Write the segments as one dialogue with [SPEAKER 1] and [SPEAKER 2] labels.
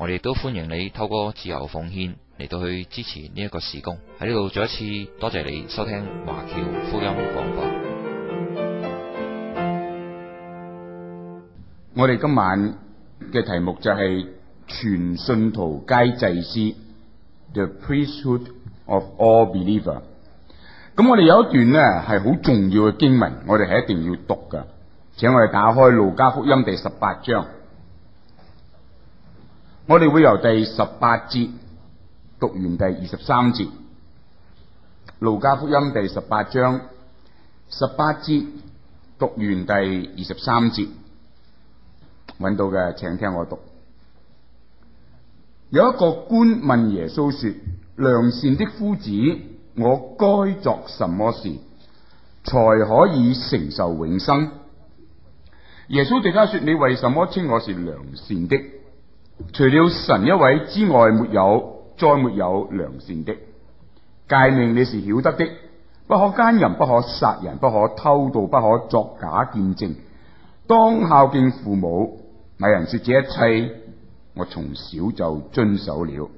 [SPEAKER 1] 我哋都歡迎你透過自由奉獻嚟到去支持呢一個事工。喺呢度再一次多謝你收聽華僑福音廣播。我哋今晚嘅題目就係全信徒皆祭司，The Priesthood of All Believer。咁我哋有一段咧係好重要嘅經文，我哋係一定要讀噶。請我哋打開路加福音第十八章。我哋會由第十八節讀完第二十三節，《路加福音》第十八章十八節讀完第二十三節，揾到嘅請聽我讀。有一個官問耶穌說：良善的夫子，我該作什麼事，才可以承受永生？耶穌對他說：你為什麼稱我是良善的？除了神一位之外，沒有再沒有良善的誡命。你是曉得的，不可姦淫，不可殺人，不可偷盜，不可作假見證。當孝敬父母。那人說：這一切我從小就遵守了。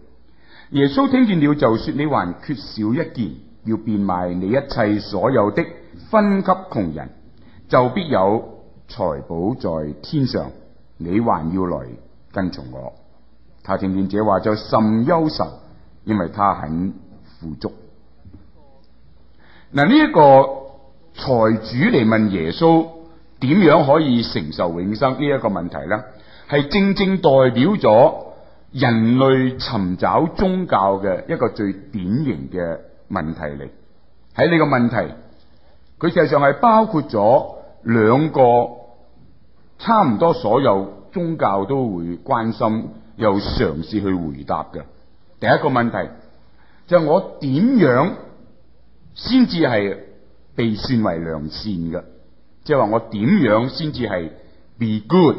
[SPEAKER 1] 耶穌聽見了，就說：你還缺少一件，要變賣你一切所有的，分給窮人，就必有財寶在天上。你還要來。跟從我，他聽見者話就甚憂愁，因為他很富足。嗱，呢一個財主嚟問耶穌點樣可以承受永生呢一個問題咧，係正正代表咗人類尋找宗教嘅一個最典型嘅問題嚟。喺呢個問題，佢實際上係包括咗兩個差唔多所有。宗教都會關心，又嘗試去回答嘅。第一個問題就係、是、我點樣先至係被算為良善嘅，即係話我點樣先至係 be good。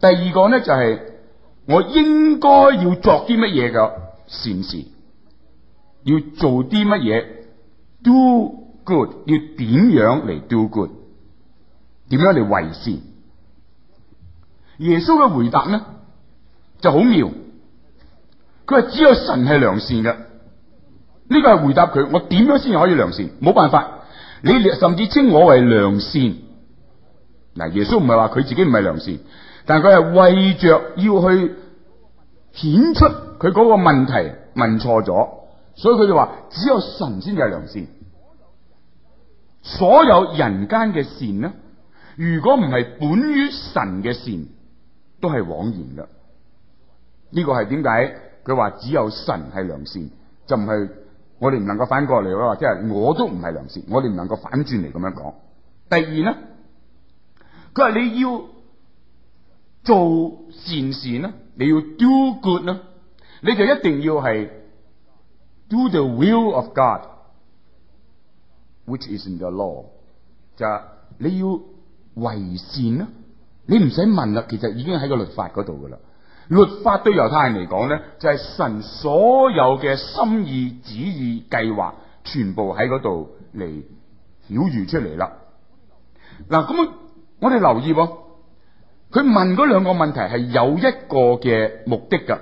[SPEAKER 1] 第二個咧就係、是、我應該要作啲乜嘢嘅善事，要做啲乜嘢 do good，要點樣嚟 do good，點樣嚟為善？耶穌嘅回答呢就好妙，佢話只有神係良善嘅，呢個係回答佢。我點樣先可以良善？冇辦法，你甚至稱我為良善。嗱，耶穌唔係話佢自己唔係良善，但係佢係為着要去顯出佢嗰個問題問錯咗，所以佢就話只有神先係良善。所有人間嘅善呢，如果唔係本於神嘅善。都係枉然啦！呢個係點解？佢話只有神係良善，就唔係我哋唔能夠反過嚟咯。即係我都唔係良善，我哋唔能夠反轉嚟咁樣講。第二呢，佢話你要做善事啊，你要 do good 啊，你就一定要係 do the will of God，which is in the law，就你要為善啊。你唔使問啦，其實已經喺個律法嗰度噶啦。律法對猶太人嚟講咧，就係、是、神所有嘅心意、旨意、計劃，全部喺嗰度嚟曉喻出嚟啦。嗱，咁我哋留意，佢問嗰兩個問題係有一個嘅目的噶，嗰、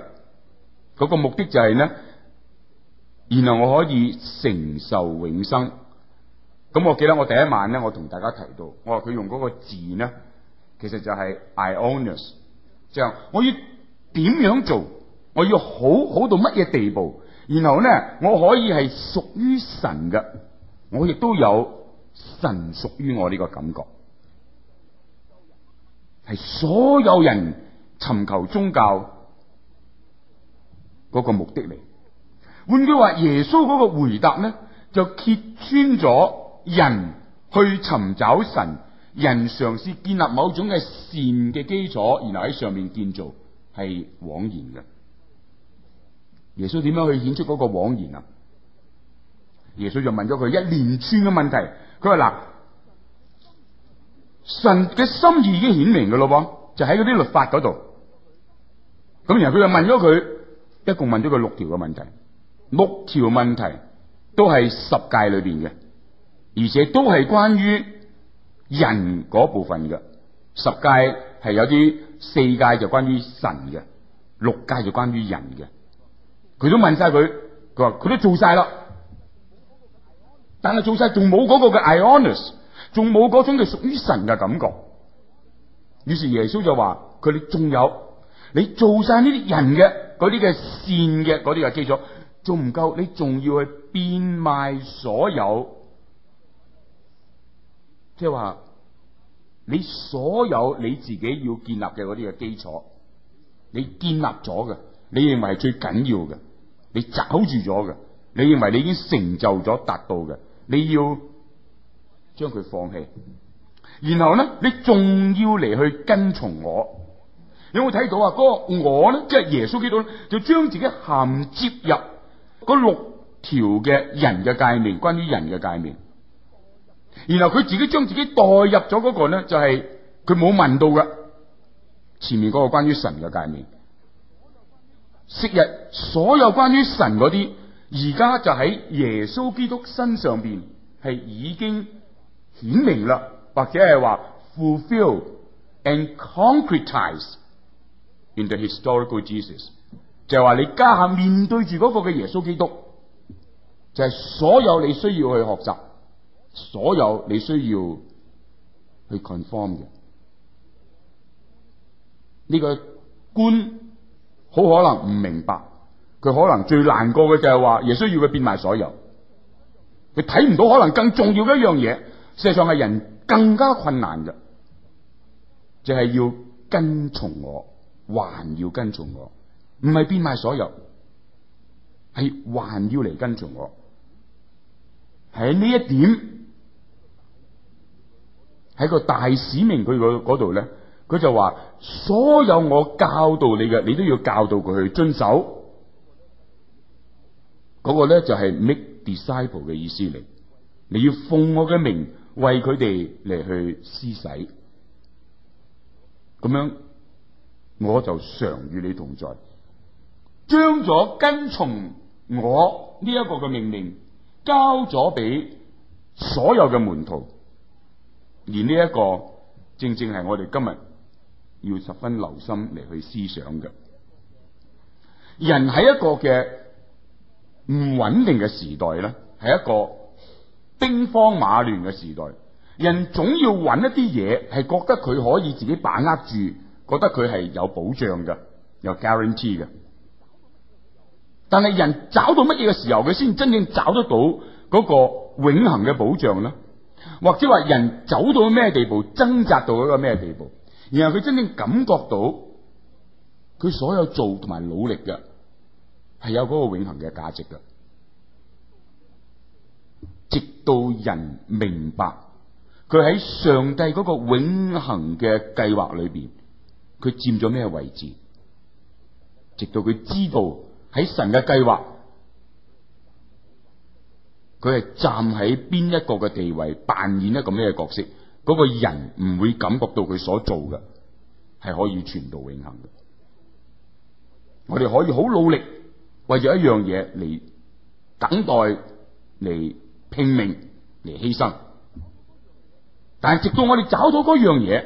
[SPEAKER 1] 那個目的就係咧，然後我可以承受永生。咁我記得我第一晚咧，我同大家提到，我話佢用嗰個字咧。其實就係 I o n n e s s，就係我要點樣做，我要好好到乜嘢地步，然後咧我可以係屬於神嘅，我亦都有神屬於我呢個感覺，係所有人尋求宗教嗰個目的嚟。換句話，耶穌嗰個回答呢，就揭穿咗人去尋找神。人嘗試建立某種嘅善嘅基礎，然後喺上面建造係枉然嘅。耶穌點樣去顯出嗰個枉然啊？耶穌就問咗佢一連串嘅問題，佢話嗱，神嘅心意已經顯明喇咯，就喺嗰啲律法嗰度。咁然後佢就問咗佢，一共問咗佢六條嘅問題，六條問題都係十誡裏邊嘅，而且都係關於。人嗰部分嘅十界係有啲四界就關於神嘅，六界就關於人嘅，佢都問晒佢，佢話佢都做晒啦，但係做晒仲冇嗰個嘅 ionus，仲冇嗰種嘅屬於神嘅感覺。於是耶穌就話：佢哋你仲有，你做晒呢啲人嘅嗰啲嘅善嘅嗰啲嘅基礎，仲唔夠，你仲要去變賣所有。即係話，你所有你自己要建立嘅嗰啲嘅基礎，你建立咗嘅，你認為最緊要嘅，你抓住咗嘅，你認為你已經成就咗達到嘅，你要將佢放棄。然後咧，你仲要嚟去跟從我。你有冇睇到啊？個我咧即係耶穌基督咧，就將自己含接入六條嘅人嘅界面，關於人嘅界面。然後佢自己將自己代入咗嗰個咧，就係佢冇問到嘅前面嗰個關於神嘅界面，昔日所有關於神嗰啲，而家就喺耶穌基督身上邊係已經顯明啦，或者係話 fulfill and concretize in the historical Jesus，就係話你家下面對住嗰個嘅耶穌基督，就係、是、所有你需要去學習。所有你需要去 confirm 嘅呢，這個官好可能唔明白，佢可能最難過嘅就係話耶穌要佢變賣所有，佢睇唔到可能更重要嘅一樣嘢，事實上係人更加困難嘅，就係、是、要跟從我，還要跟從我，唔係變賣所有，係還要嚟跟從我，喺呢一點。喺個大使命佢度咧，佢就話所有我教導你嘅，你都要教導佢去遵守。嗰個咧就係 make disciple 嘅意思嚟，你要奉我嘅名為佢哋嚟去施洗，咁樣我就常與你同在，將咗跟從我呢一個嘅命令交咗俾所有嘅門徒。而呢一個正正係我哋今日要十分留心嚟去思想嘅。人喺一個嘅唔穩定嘅時代咧，係一個兵荒馬亂嘅時代。人總要揾一啲嘢，係覺得佢可以自己把握住，覺得佢係有保障嘅，有 guarantee 嘅。但係人找到乜嘢嘅時候，佢先真正找得到嗰個永恒嘅保障咧？或者話人走到咩地步，掙扎到一個咩地步，然後佢真正感覺到佢所有做同埋努力嘅係有嗰個永恆嘅價值嘅，直到人明白佢喺上帝嗰個永恆嘅計劃裏邊，佢佔咗咩位置？直到佢知道喺神嘅計劃。佢係站喺邊一個嘅地位，扮演一個咩嘅角色？嗰個人唔會感覺到佢所做嘅係可以傳到永恆嘅。我哋可以好努力，為咗一樣嘢嚟等待、嚟拼命、嚟犧牲。但係直到我哋找到嗰樣嘢，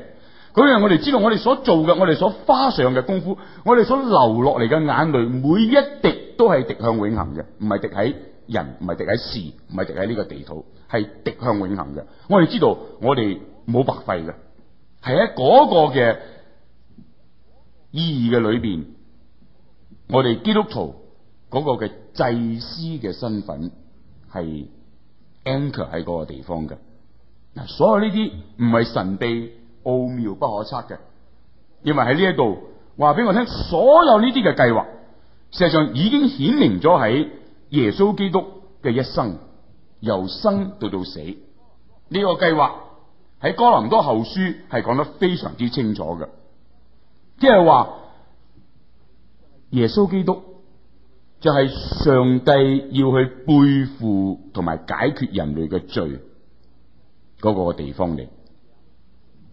[SPEAKER 1] 嗰樣我哋知道我哋所做嘅，我哋所花上嘅功夫，我哋所流落嚟嘅眼淚，每一滴都係滴向永恆嘅，唔係滴喺。人唔係植喺事，唔係植喺呢個地土，係滴向永恒嘅。我哋知道，我哋冇白費嘅，係喺嗰個嘅意義嘅裏邊，我哋基督徒嗰個嘅祭司嘅身份係 anchor 喺嗰個地方嘅。嗱，所有呢啲唔係神秘奧妙不可測嘅，因為喺呢一度話俾我聽，所有呢啲嘅計劃，事實上已經顯明咗喺。耶穌基督嘅一生，由生到到死，呢個計劃喺哥林多後書係講得非常之清楚嘅，即係話耶穌基督就係上帝要去背負同埋解決人類嘅罪嗰個地方嚟。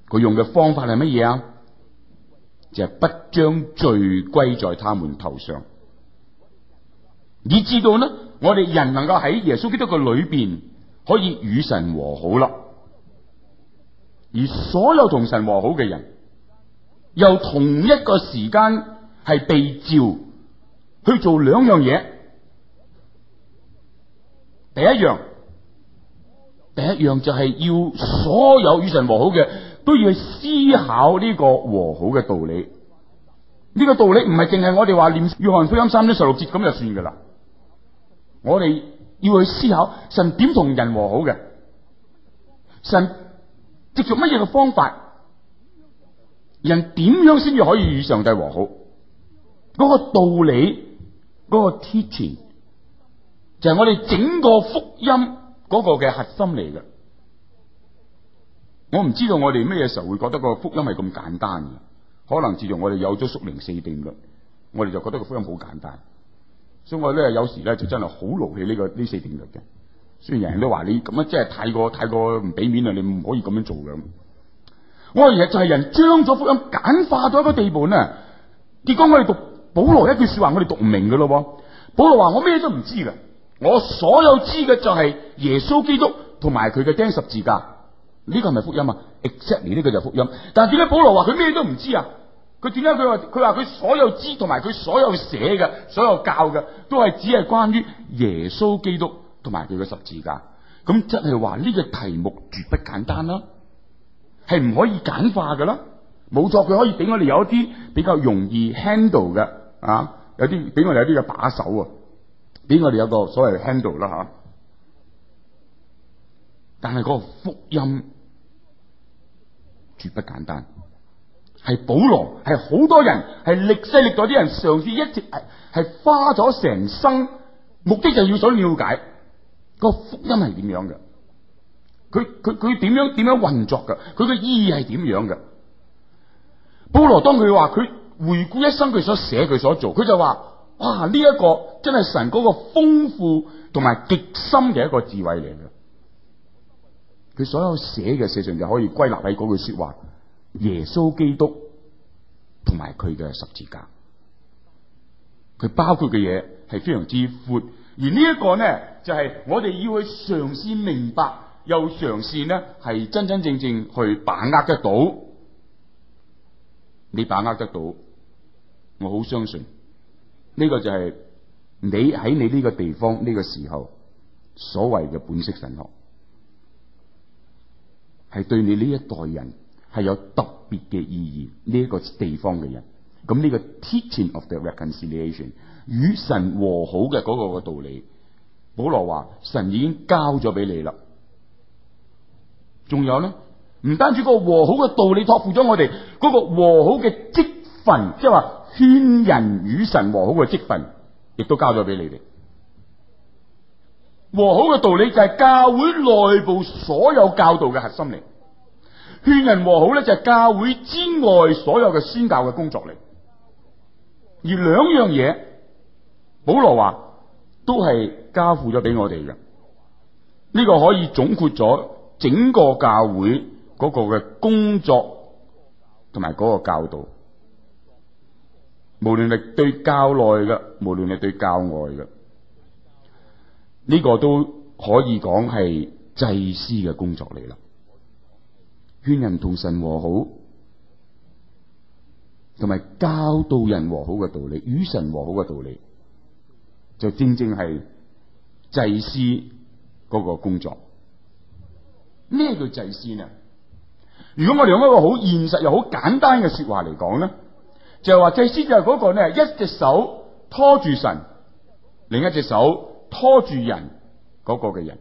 [SPEAKER 1] 佢用嘅方法係乜嘢啊？就係不將罪歸在他們頭上。你知道呢？我哋人能夠喺耶穌基督嘅裏邊可以與神和好啦。而所有同神和好嘅人，又同一個時間係被召去做兩樣嘢。第一樣，第一樣就係要所有與神和好嘅都要去思考呢個和好嘅道理。呢、這個道理唔係淨係我哋話念約翰福音三章十六節咁就算噶啦。我哋要去思考神點同人和好嘅，神藉着乜嘢嘅方法，人點樣先至可以與上帝和好？嗰個道理，嗰個 teaching 就係我哋整個福音嗰個嘅核心嚟嘅。我唔知道我哋咩嘢時候會覺得個福音係咁簡單嘅，可能自從我哋有咗屬靈四定律，我哋就覺得個福音好簡單。所以我咧有時咧就真係好怒氣呢個呢四定律嘅，雖然人人都話你咁樣，真係太過太過唔俾面啦你唔可以咁樣做嘅。我話嘢就係人將咗福音簡化咗一個地盤啊！結果我哋讀保羅一句說話，我哋讀唔明喇咯。保羅話我咩都唔知㗎，我所有知嘅就係耶穌基督同埋佢嘅釘十字架。呢、這個係咪福音啊？exactly 呢個就係福音。但係點解保羅話佢咩都唔知啊？佢點解，佢話佢話佢所有知同埋佢所有寫嘅所有教嘅都係只係關於耶穌基督同埋佢嘅十字架，咁即係話呢個題目絕不簡單啦，係唔可以簡化㗎啦。冇錯，佢可以俾我哋有一啲比較容易 handle 嘅啊，有啲俾我哋有啲嘅把手啊，俾我哋有一個所謂 handle 啦吓。但係嗰個福音絕不簡單。係保羅，係好多人，係歷世歷代啲人，嘗試一直係係花咗成生目的，就要想了解個福音係點樣嘅。佢佢佢點樣點樣運作嘅？佢嘅意義係點樣嘅？保羅當佢話佢回顧一生佢所寫，佢所寫佢所做，佢就話：，哇！呢一個真係神嗰個豐富同埋極深嘅一個智慧嚟嘅。佢所有寫嘅事情就可以歸納喺嗰句說話。耶穌基督同埋佢嘅十字架，佢包括嘅嘢係非常之闊。而這個呢一個咧，就係、是、我哋要去嘗試明白，又嘗試咧係真真正正去把握得到。你把握得到，我好相信呢、這個就係你喺你呢個地方呢、這個時候所謂嘅本色神學，係對你呢一代人，係有特別嘅意義，呢一個地方嘅人，咁呢個 teaching of the reconciliation 與神和好嘅嗰個道理，保羅話神已經交咗俾你啦。仲有咧，唔單止個和好嘅道理託付咗我哋，嗰個和好嘅職分，即係話勸人與神和好嘅職分，亦都交咗俾你哋。和好嘅道理就係教會內部所有教導嘅核心嚟。勸人和好咧，就係教會之外所有嘅宣教嘅工作嚟。而兩樣嘢，保羅話都係交付咗俾我哋嘅。呢個可以總括咗整個教會嗰個嘅工作同埋嗰個教導。無論係對教內嘅，無論係對教外嘅，呢個都可以講係祭司嘅工作嚟啦。勸人同神和好，同埋教導人和好嘅道理，與神和好嘅道理，就正正係祭司嗰個工作。咩叫祭司呢？如果我哋用一個好現實又好簡單嘅說話嚟講呢，就係話祭司就係嗰個呢，一隻手拖住神，另一隻手拖住人嗰個嘅人。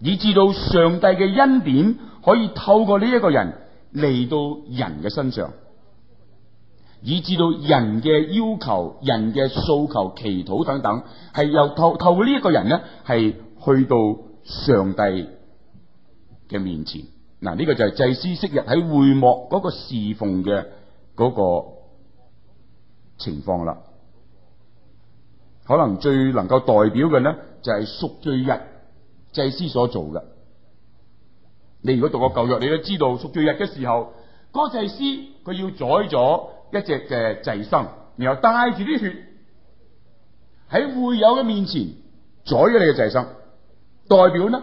[SPEAKER 1] 以至到上帝嘅恩典可以透過呢一個人嚟到人嘅身上，以至到人嘅要求、人嘅訴求、祈禱等等，係由透透過呢一個人咧，係去到上帝嘅面前。嗱、啊，呢、呢個就係祭司昔日喺會幕嗰個侍奉嘅個情況啦。可能最能夠代表嘅咧，就係贖罪日。祭司所做嘅，你如果讀過舊約，你都知道贖罪日嘅時候，嗰、那個、祭司佢要宰咗一隻嘅祭牲，然後帶住啲血喺會友嘅面前宰咗你嘅祭牲，代表呢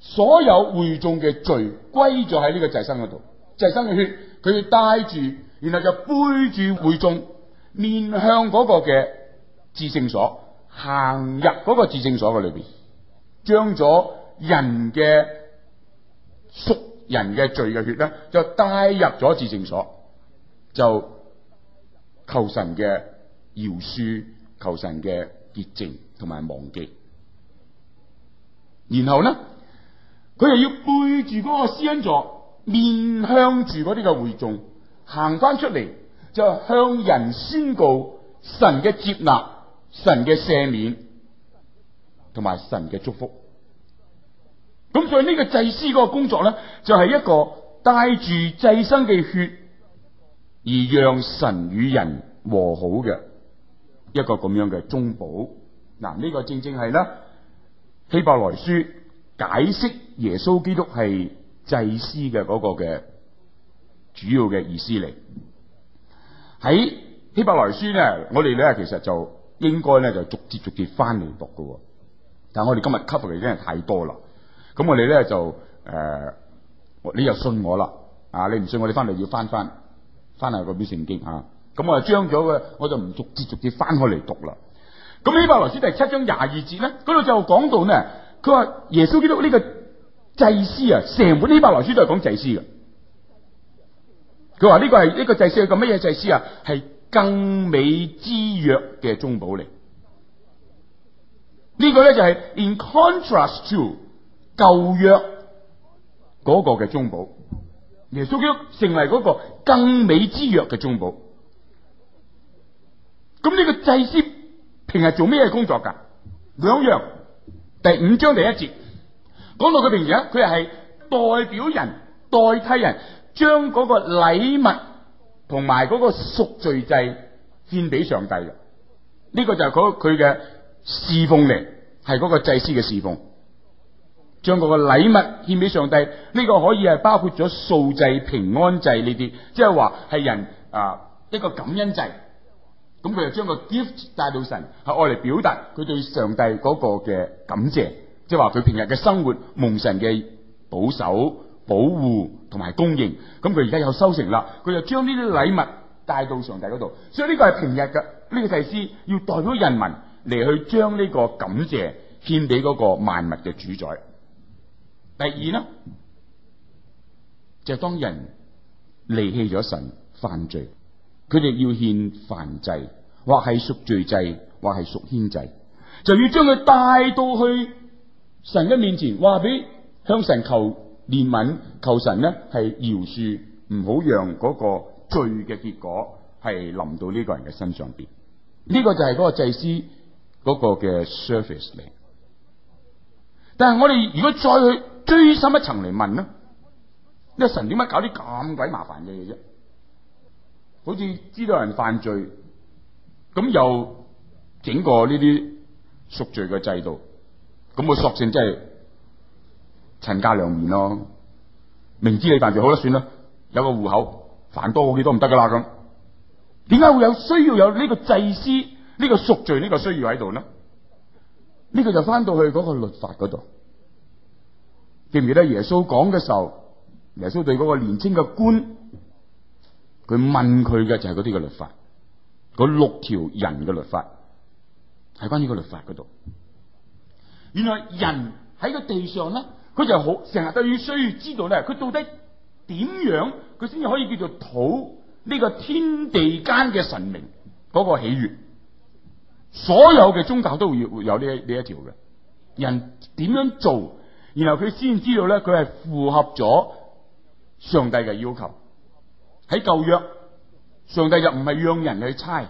[SPEAKER 1] 所有會眾嘅罪歸咗喺呢個祭牲嗰度，祭牲嘅血佢要帶住，然後就背住會眾面向嗰個嘅至聖所，行入嗰個至聖所嘅裏邊。將咗人嘅贖人嘅罪嘅血咧，就帶入咗至聖所，就求神嘅饒恕，求神嘅潔淨同埋忘記。然後咧，佢又要背住嗰個施恩座，面向住嗰啲嘅會眾行返出嚟，就向人宣告神嘅接納，神嘅赦免。同埋神嘅祝福，咁所以呢個祭司個工作咧，就係一個帶住祭牲嘅血而讓神與人和好嘅一個咁樣嘅中保。嗱、啊，呢、呢個正正係咧希伯來書解釋耶穌基督係祭司嘅嗰個嘅主要嘅意思嚟。喺希伯來書咧，我哋咧其實就應該咧就逐節逐節翻嚟讀噶。但我哋今日 cover 嚟真係太多啦，咁我哋咧就誒、呃，你又信我啦啊？你唔信我，你翻嚟要翻翻翻下嗰本聖經吓，咁、啊、我就將咗嘅，我就唔逐節逐節翻開嚟讀啦。咁希伯來書第七章廿二節咧，度就講到咧，佢話耶穌基督呢個祭司啊，成本希伯來書都係講祭司嘅。佢話呢個係呢個祭司係個乜嘢祭司啊？係更美之約嘅中保嚟。呢個咧就係 in contrast to 舊約嗰個嘅中保，耶穌基督成為嗰個更美之約嘅中保。咁呢個祭司平日做咩工作噶？兩樣第五章第一節講到佢平日，佢係代表人、代替人，將嗰個禮物同埋嗰個贖罪祭獻俾上帝嘅。呢、這個就係佢佢嘅。侍奉嚟係個祭司嘅侍奉，將個禮物獻俾上帝。呢個可以係包括咗素祭、平安祭呢啲，即係話係人啊、呃、一個感恩祭。咁佢就將個 gift 帶到神，係愛嚟表達佢對上帝嗰個嘅感謝，即係話佢平日嘅生活蒙神嘅保守、保護同埋供應。咁佢而家有收成啦，佢就將呢啲禮物帶到上帝度。所以呢個係平日嘅呢個祭司要代表人民。嚟去將呢個感謝獻俾嗰個萬物嘅主宰。第二呢，就係、是、當人離棄咗神犯罪，佢哋要獻犯祭或係贖罪祭，或係贖愆祭，就要將佢帶到去神嘅面前，話俾向神求憐憫，求神呢係饒恕，唔好讓嗰個罪嘅結果係臨到呢個人嘅身上邊。呢、這個就係嗰個祭司。嗰個嘅 service 嚟，但係我哋如果再去追深一層嚟問咧，呢個神點解搞啲咁鬼麻煩嘅嘢啫？好似知道有人犯罪，咁又整個呢啲贖罪嘅制度，咁我索性真係陳家良言咯，明知你犯罪，好啦，算啦，有個戶口犯多過幾多唔得噶啦咁，點解會有需要有呢個祭司？呢個贖罪呢個需要喺度咧，呢個就翻到去嗰個律法度。記唔記得耶穌講嘅時候，耶穌對嗰個年青嘅官，佢問佢嘅就係啲嘅律法，嗰六條人嘅律法係關於個律法度。原來人喺個地上咧，佢就好成日都要需要知道咧，佢到底點樣佢先至可以叫做討呢個天地間嘅神明嗰個喜悅。所有嘅宗教都會要有呢呢一條嘅，人點樣做，然後佢先知道咧，佢係符合咗上帝嘅要求。喺舊約，上帝就唔係讓人去猜。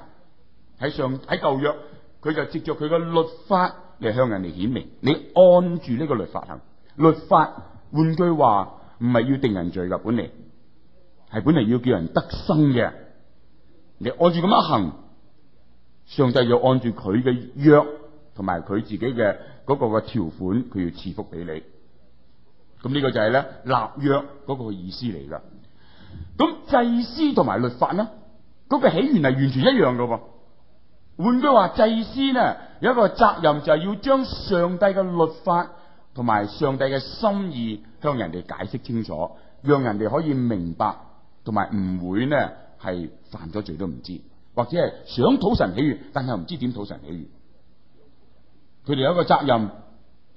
[SPEAKER 1] 喺上喺舊約，佢就藉著佢嘅律法嚟，向人哋顯明，你按住呢個律法行，律法換句話唔係要定人罪噶，是本嚟係本嚟要叫人得生嘅，你按住咁樣行。上帝要按住佢嘅約同埋佢自己嘅嗰個嘅條款，佢要賜福俾你。咁呢個就係咧立約嗰個意思嚟噶。咁祭司同埋律法呢？嗰個起源係完全一樣噶噃。換句話，祭司呢有一個責任就係要將上帝嘅律法同埋上帝嘅心意向人哋解釋清楚，讓人哋可以明白同埋唔會呢係犯咗罪都唔知。或者係想討神喜悅，但係又唔知點討神喜悅。佢哋有一個責任，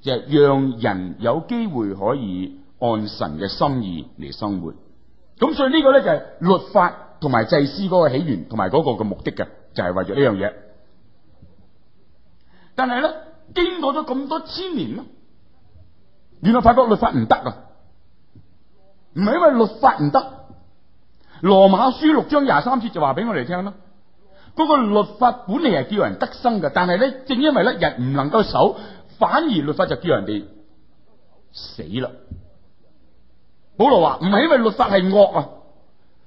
[SPEAKER 1] 就係、是、讓人有機會可以按神嘅心意嚟生活。咁所以個呢個咧就係、是、律法同埋祭司嗰個起源同埋嗰個嘅目的嘅，就係、是、為咗呢樣嘢。但係咧經過咗咁多千年咯，原來發覺律法唔得啊！唔係因為律法唔得，《羅馬書23節》六章廿三節就話俾我哋聽啦。嗰個律法本嚟係叫人得生嘅，但係咧，正因為咧人唔能夠守，反而律法就叫人哋死啦。保羅話唔係因為律法係惡啊，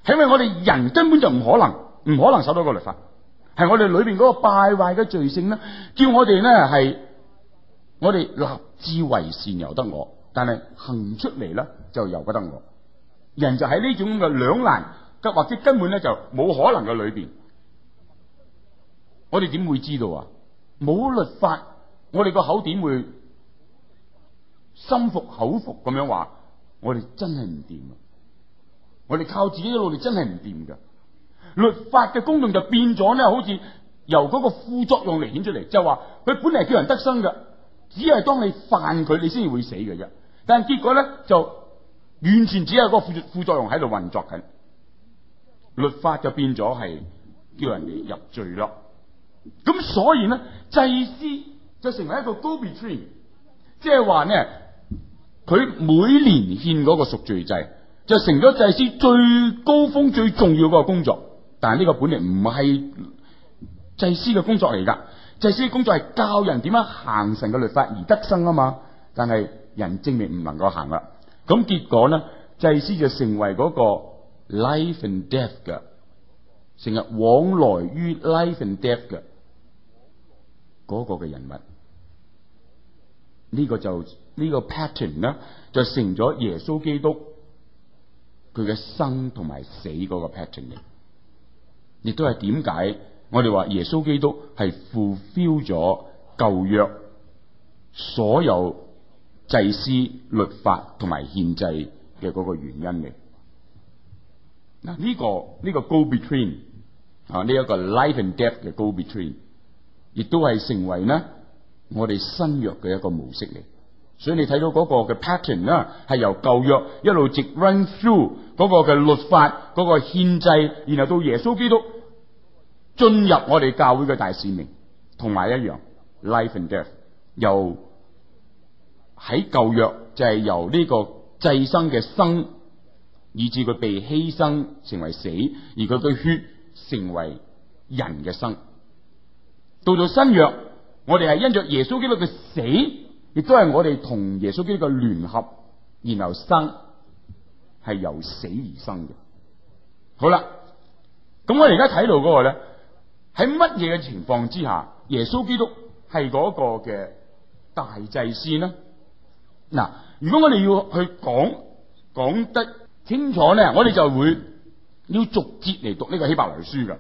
[SPEAKER 1] 係因為我哋人根本就唔可能，唔可能守到個律法，係我哋裏邊嗰個敗壞嘅罪性咧，叫我哋咧係我哋立志為善，由得我，但係行出嚟，咧就由不得我。人就喺呢種嘅兩難，或或者根本咧就冇可能嘅裏邊。我哋點會知道啊？冇律法，我哋個口點會心服口服咁樣話？我哋真係唔掂啊！我哋靠自己嘅努力真係唔掂噶。律法嘅功用就變咗咧，好似由嗰個副作用嚟顯出嚟，就係話佢本嚟叫人得生嘅，只係當你犯佢，你先至會死嘅啫。但係結果咧，就完全只有嗰個副作用喺度運作緊，律法就變咗係叫人哋入罪咯。咁所以咧，祭司就成為一個 gobetween，即係話咧，佢每年獻嗰個贖罪祭，就成咗祭司最高峰、最重要嗰個工作。但係呢個本嚟唔係祭司嘅工作嚟噶，祭司嘅工作係教人點樣行神嘅律法而得生啊嘛。但係人證明唔能夠行啦，咁結果咧，祭司就成為嗰個 life and death 嘅，成日往來於 life and death 嘅。嗰個嘅人物，呢、呢個就、呢個、呢個 pattern 咧，就成咗耶穌基督佢嘅生同埋死嗰個 pattern 嚟，亦都係點解我哋話耶穌基督係 fulfill 咗舊約所有祭司律法同埋憲制嘅嗰個原因嚟。嗱、呢、呢個呢、呢個 go between 啊呢一、呢個 life and death 嘅 go between。亦都係成為咧我哋新約嘅一個模式嚟，所以你睇到嗰個嘅 pattern 啦，係由舊約一路直 run through 嗰個嘅律法、嗰個憲制，然後到耶穌基督進入我哋教會嘅大使命，同埋一樣 life and death，由喺舊約就係由呢個祭生嘅生，以至佢被犧牲成為死，而佢嘅血成為人嘅生。到到新約，我哋係因着耶穌基督嘅死，亦都係我哋同耶穌基督嘅聯合，然後生，係由死而生嘅。好啦，咁我哋而家睇到嗰個咧，喺乜嘢嘅情況之下，耶穌基督係嗰個嘅大祭司呢？嗱，如果我哋要去講講得清楚咧，我哋就會要逐節嚟讀這個呢個希伯來書嘅。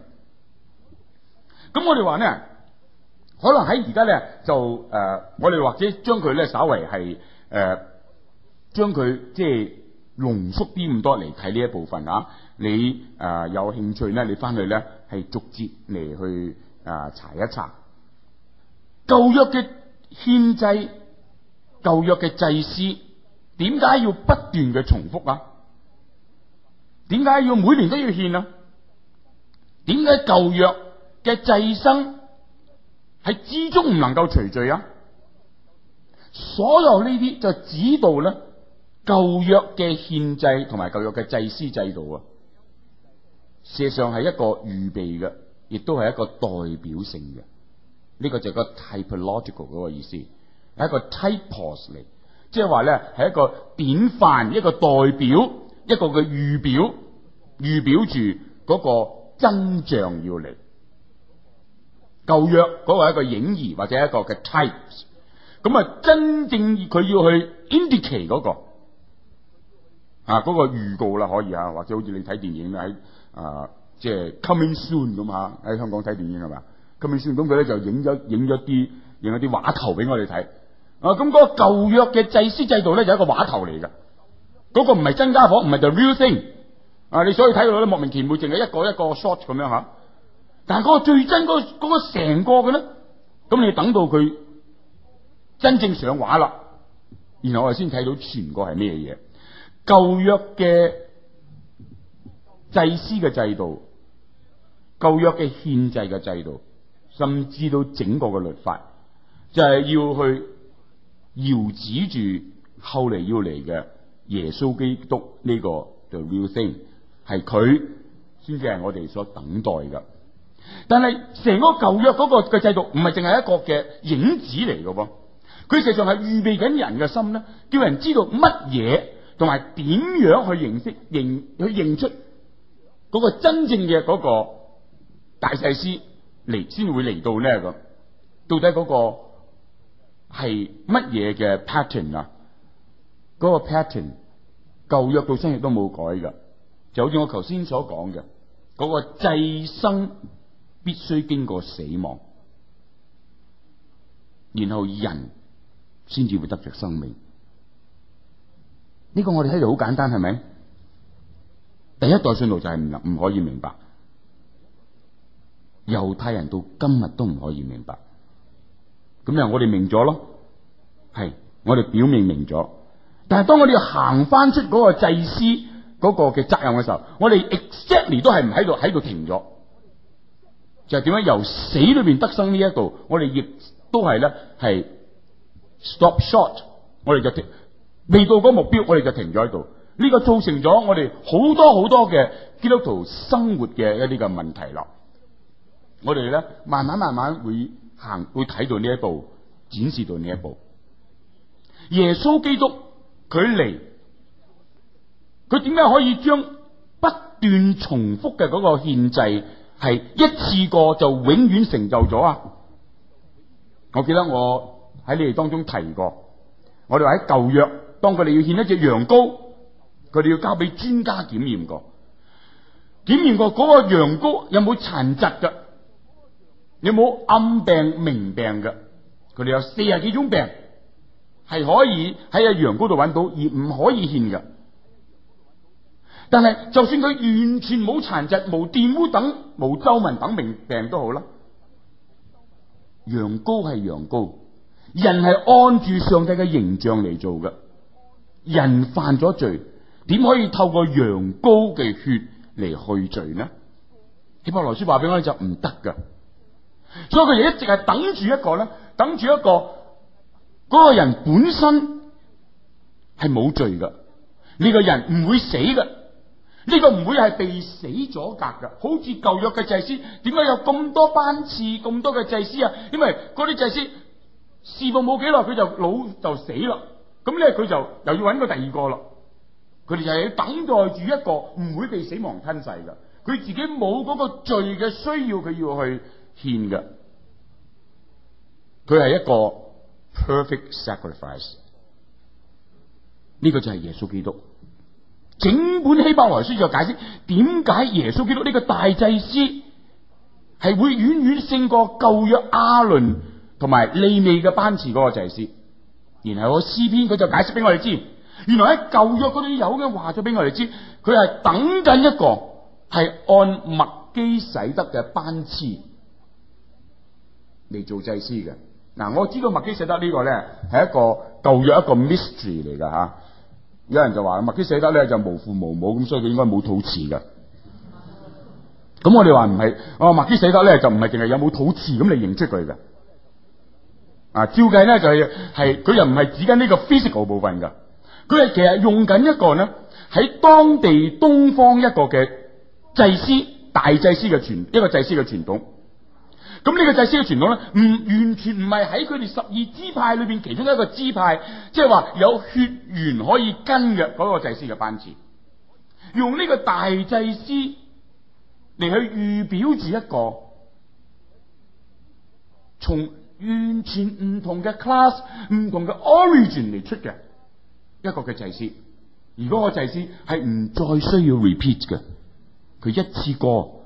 [SPEAKER 1] 咁我哋話咧。可能喺而家咧就誒、呃，我哋或者將佢咧稍為係誒將佢即係濃縮啲咁多嚟睇呢一部分啊。你誒、呃、有興趣咧，你翻去咧係逐節嚟去誒、呃、查一查。舊約嘅獻祭，舊約嘅祭祀，點解要不斷嘅重複啊？點解要每年都要獻啊？點解舊約嘅祭牲，係至終唔能夠除罪啊！所有呢啲就指導咧舊約嘅憲制同埋舊約嘅祭司制度啊，事實上係一個預備嘅，亦都係一個代表性嘅。呢個就係個 typological 嗰個意思，係一個 typos 嚟，即係話咧係一個典範，一個代表，一個嘅預表，預表住嗰個真相要嚟。舊約嗰、那個係一個影兒或者一個嘅 types，咁啊真正佢要去 indicate 嗰、那個啊嗰、那個預告啦可以啊，或者好似你睇電影喺啊即係、呃就是、coming soon 咁吓，喺香港睇電影係嘛 coming soon，咁佢咧就影咗影咗啲影咗啲畫頭俾我哋睇啊，咁、那、嗰個舊約嘅祭司制度咧就一個畫頭嚟噶，嗰、那個唔係真家伙，唔係 the real thing 啊，你所以睇到咧莫名其妙淨係一個一個 shot 咁樣吓。但係個最真嗰、嗰個成個嘅咧，咁你等到佢真正上畫啦，然後我哋先睇到全個係咩嘢舊約嘅祭司嘅制度、舊約嘅憲制嘅制度，甚至到整個嘅律法，就係、是、要去遙指住後嚟要嚟嘅耶穌基督呢、呢個 the real thing，係佢先至係我哋所等待嘅。但係成個舊約嗰個嘅制度，唔係淨係一個嘅影子嚟嘅噃，佢實際上係預備緊人嘅心咧，叫人知道乜嘢同埋點樣去認識、認去認出嗰個真正嘅嗰個大祭司嚟，先會嚟到呢。咁到底嗰個係乜嘢嘅 pattern 啊？嗰、嗰個 pattern 舊約到新亦都冇改㗎，就好似我頭先所講嘅嗰個祭生。必須經過死亡，然後人先至會得着生命。呢個我哋睇嚟好簡單，係咪？第一代信徒就係唔唔可以明白，猶太人到今日都唔可以明白。咁啊，我哋明咗咯，係，我哋表面明咗，但係當我哋行翻出嗰個祭司嗰個嘅責任嘅時候，我哋 exactly 都係唔喺度喺度停咗。就係點樣由死裏邊得生這一步呢，一度我哋亦都係咧，係 stop short，我哋就停，未到嗰個目標，我哋就停咗喺度。呢、這個造成咗我哋好多好多嘅基督徒生活嘅一啲嘅問題咯。我哋咧慢慢慢慢會行，會睇到呢一步，展示到呢一步。耶穌基督佢嚟，佢點解可以將不斷重複嘅嗰個憲制？係一次過就永遠成就咗啊！我記得我喺你哋當中提過，我哋話喺舊約，當佢哋要獻一隻羊羔，佢哋要交俾專家檢驗過，檢驗過嗰個羊羔有冇殘疾噶，有冇暗病明病噶，佢哋有四十幾種病係可以喺阿羊羔度揾到，而唔可以獻噶。但係，就算佢完全冇殘疾、冇玷污等、冇皺紋等病都好啦。羊羔係羊羔，人係按住上帝嘅形象嚟做嘅。人犯咗罪，點可以透過羊羔嘅血嚟去罪呢？希伯來書話俾我哋就唔得噶，所以佢哋一直係等住一個咧，等住一個嗰個人本身係冇罪噶，呢個人唔會死噶。呢個唔會係被死阻隔噶，好似舊約嘅祭司，點解有咁多班次、咁多嘅祭司啊？因為嗰啲祭司事奉冇幾耐，佢就老就死啦。咁咧佢就又要揾個第二個啦。佢哋就要等待住一個唔會被死亡吞噬噶。佢自己冇嗰個罪嘅需要，佢要去獻噶。佢係一個 perfect sacrifice。呢、這個就係耶穌基督。整本希伯來書就解釋點解耶穌基督呢個大祭司係會遠遠勝過舊約亞倫同埋利未嘅班次嗰個祭司。然後我詩篇佢就解釋俾我哋知，原來喺舊約嗰度有嘅話咗俾我哋知，佢係等緊一個係按麥基洗德嘅班次嚟做祭司嘅。嗱，我知道麥基洗德呢個咧係一個舊約一個 mystery 嚟噶吓。有人就話：麥基洗德咧就無父無母，咁所以佢應該冇肚臍嘅。咁我哋話唔係，我話麥基洗德咧就唔係淨係有冇肚臍咁嚟認出佢㗎。啊，照計咧就係、係、佢又唔係指緊呢個 physical 部分㗎，佢係其實用緊一個咧喺當地東方一個嘅祭司大祭司嘅傳一個祭司嘅傳統。咁呢個祭司嘅傳統咧，唔完全唔係喺佢哋十二支派裏邊其中一個支派，即係話有血緣可以跟嘅，嗰個祭司嘅班次，用呢個大祭司嚟去預表住一個從完全唔同嘅 class，唔同嘅 origin 嚟出嘅一個嘅祭司。而個祭司係唔再需要 repeat 嘅，佢一次過。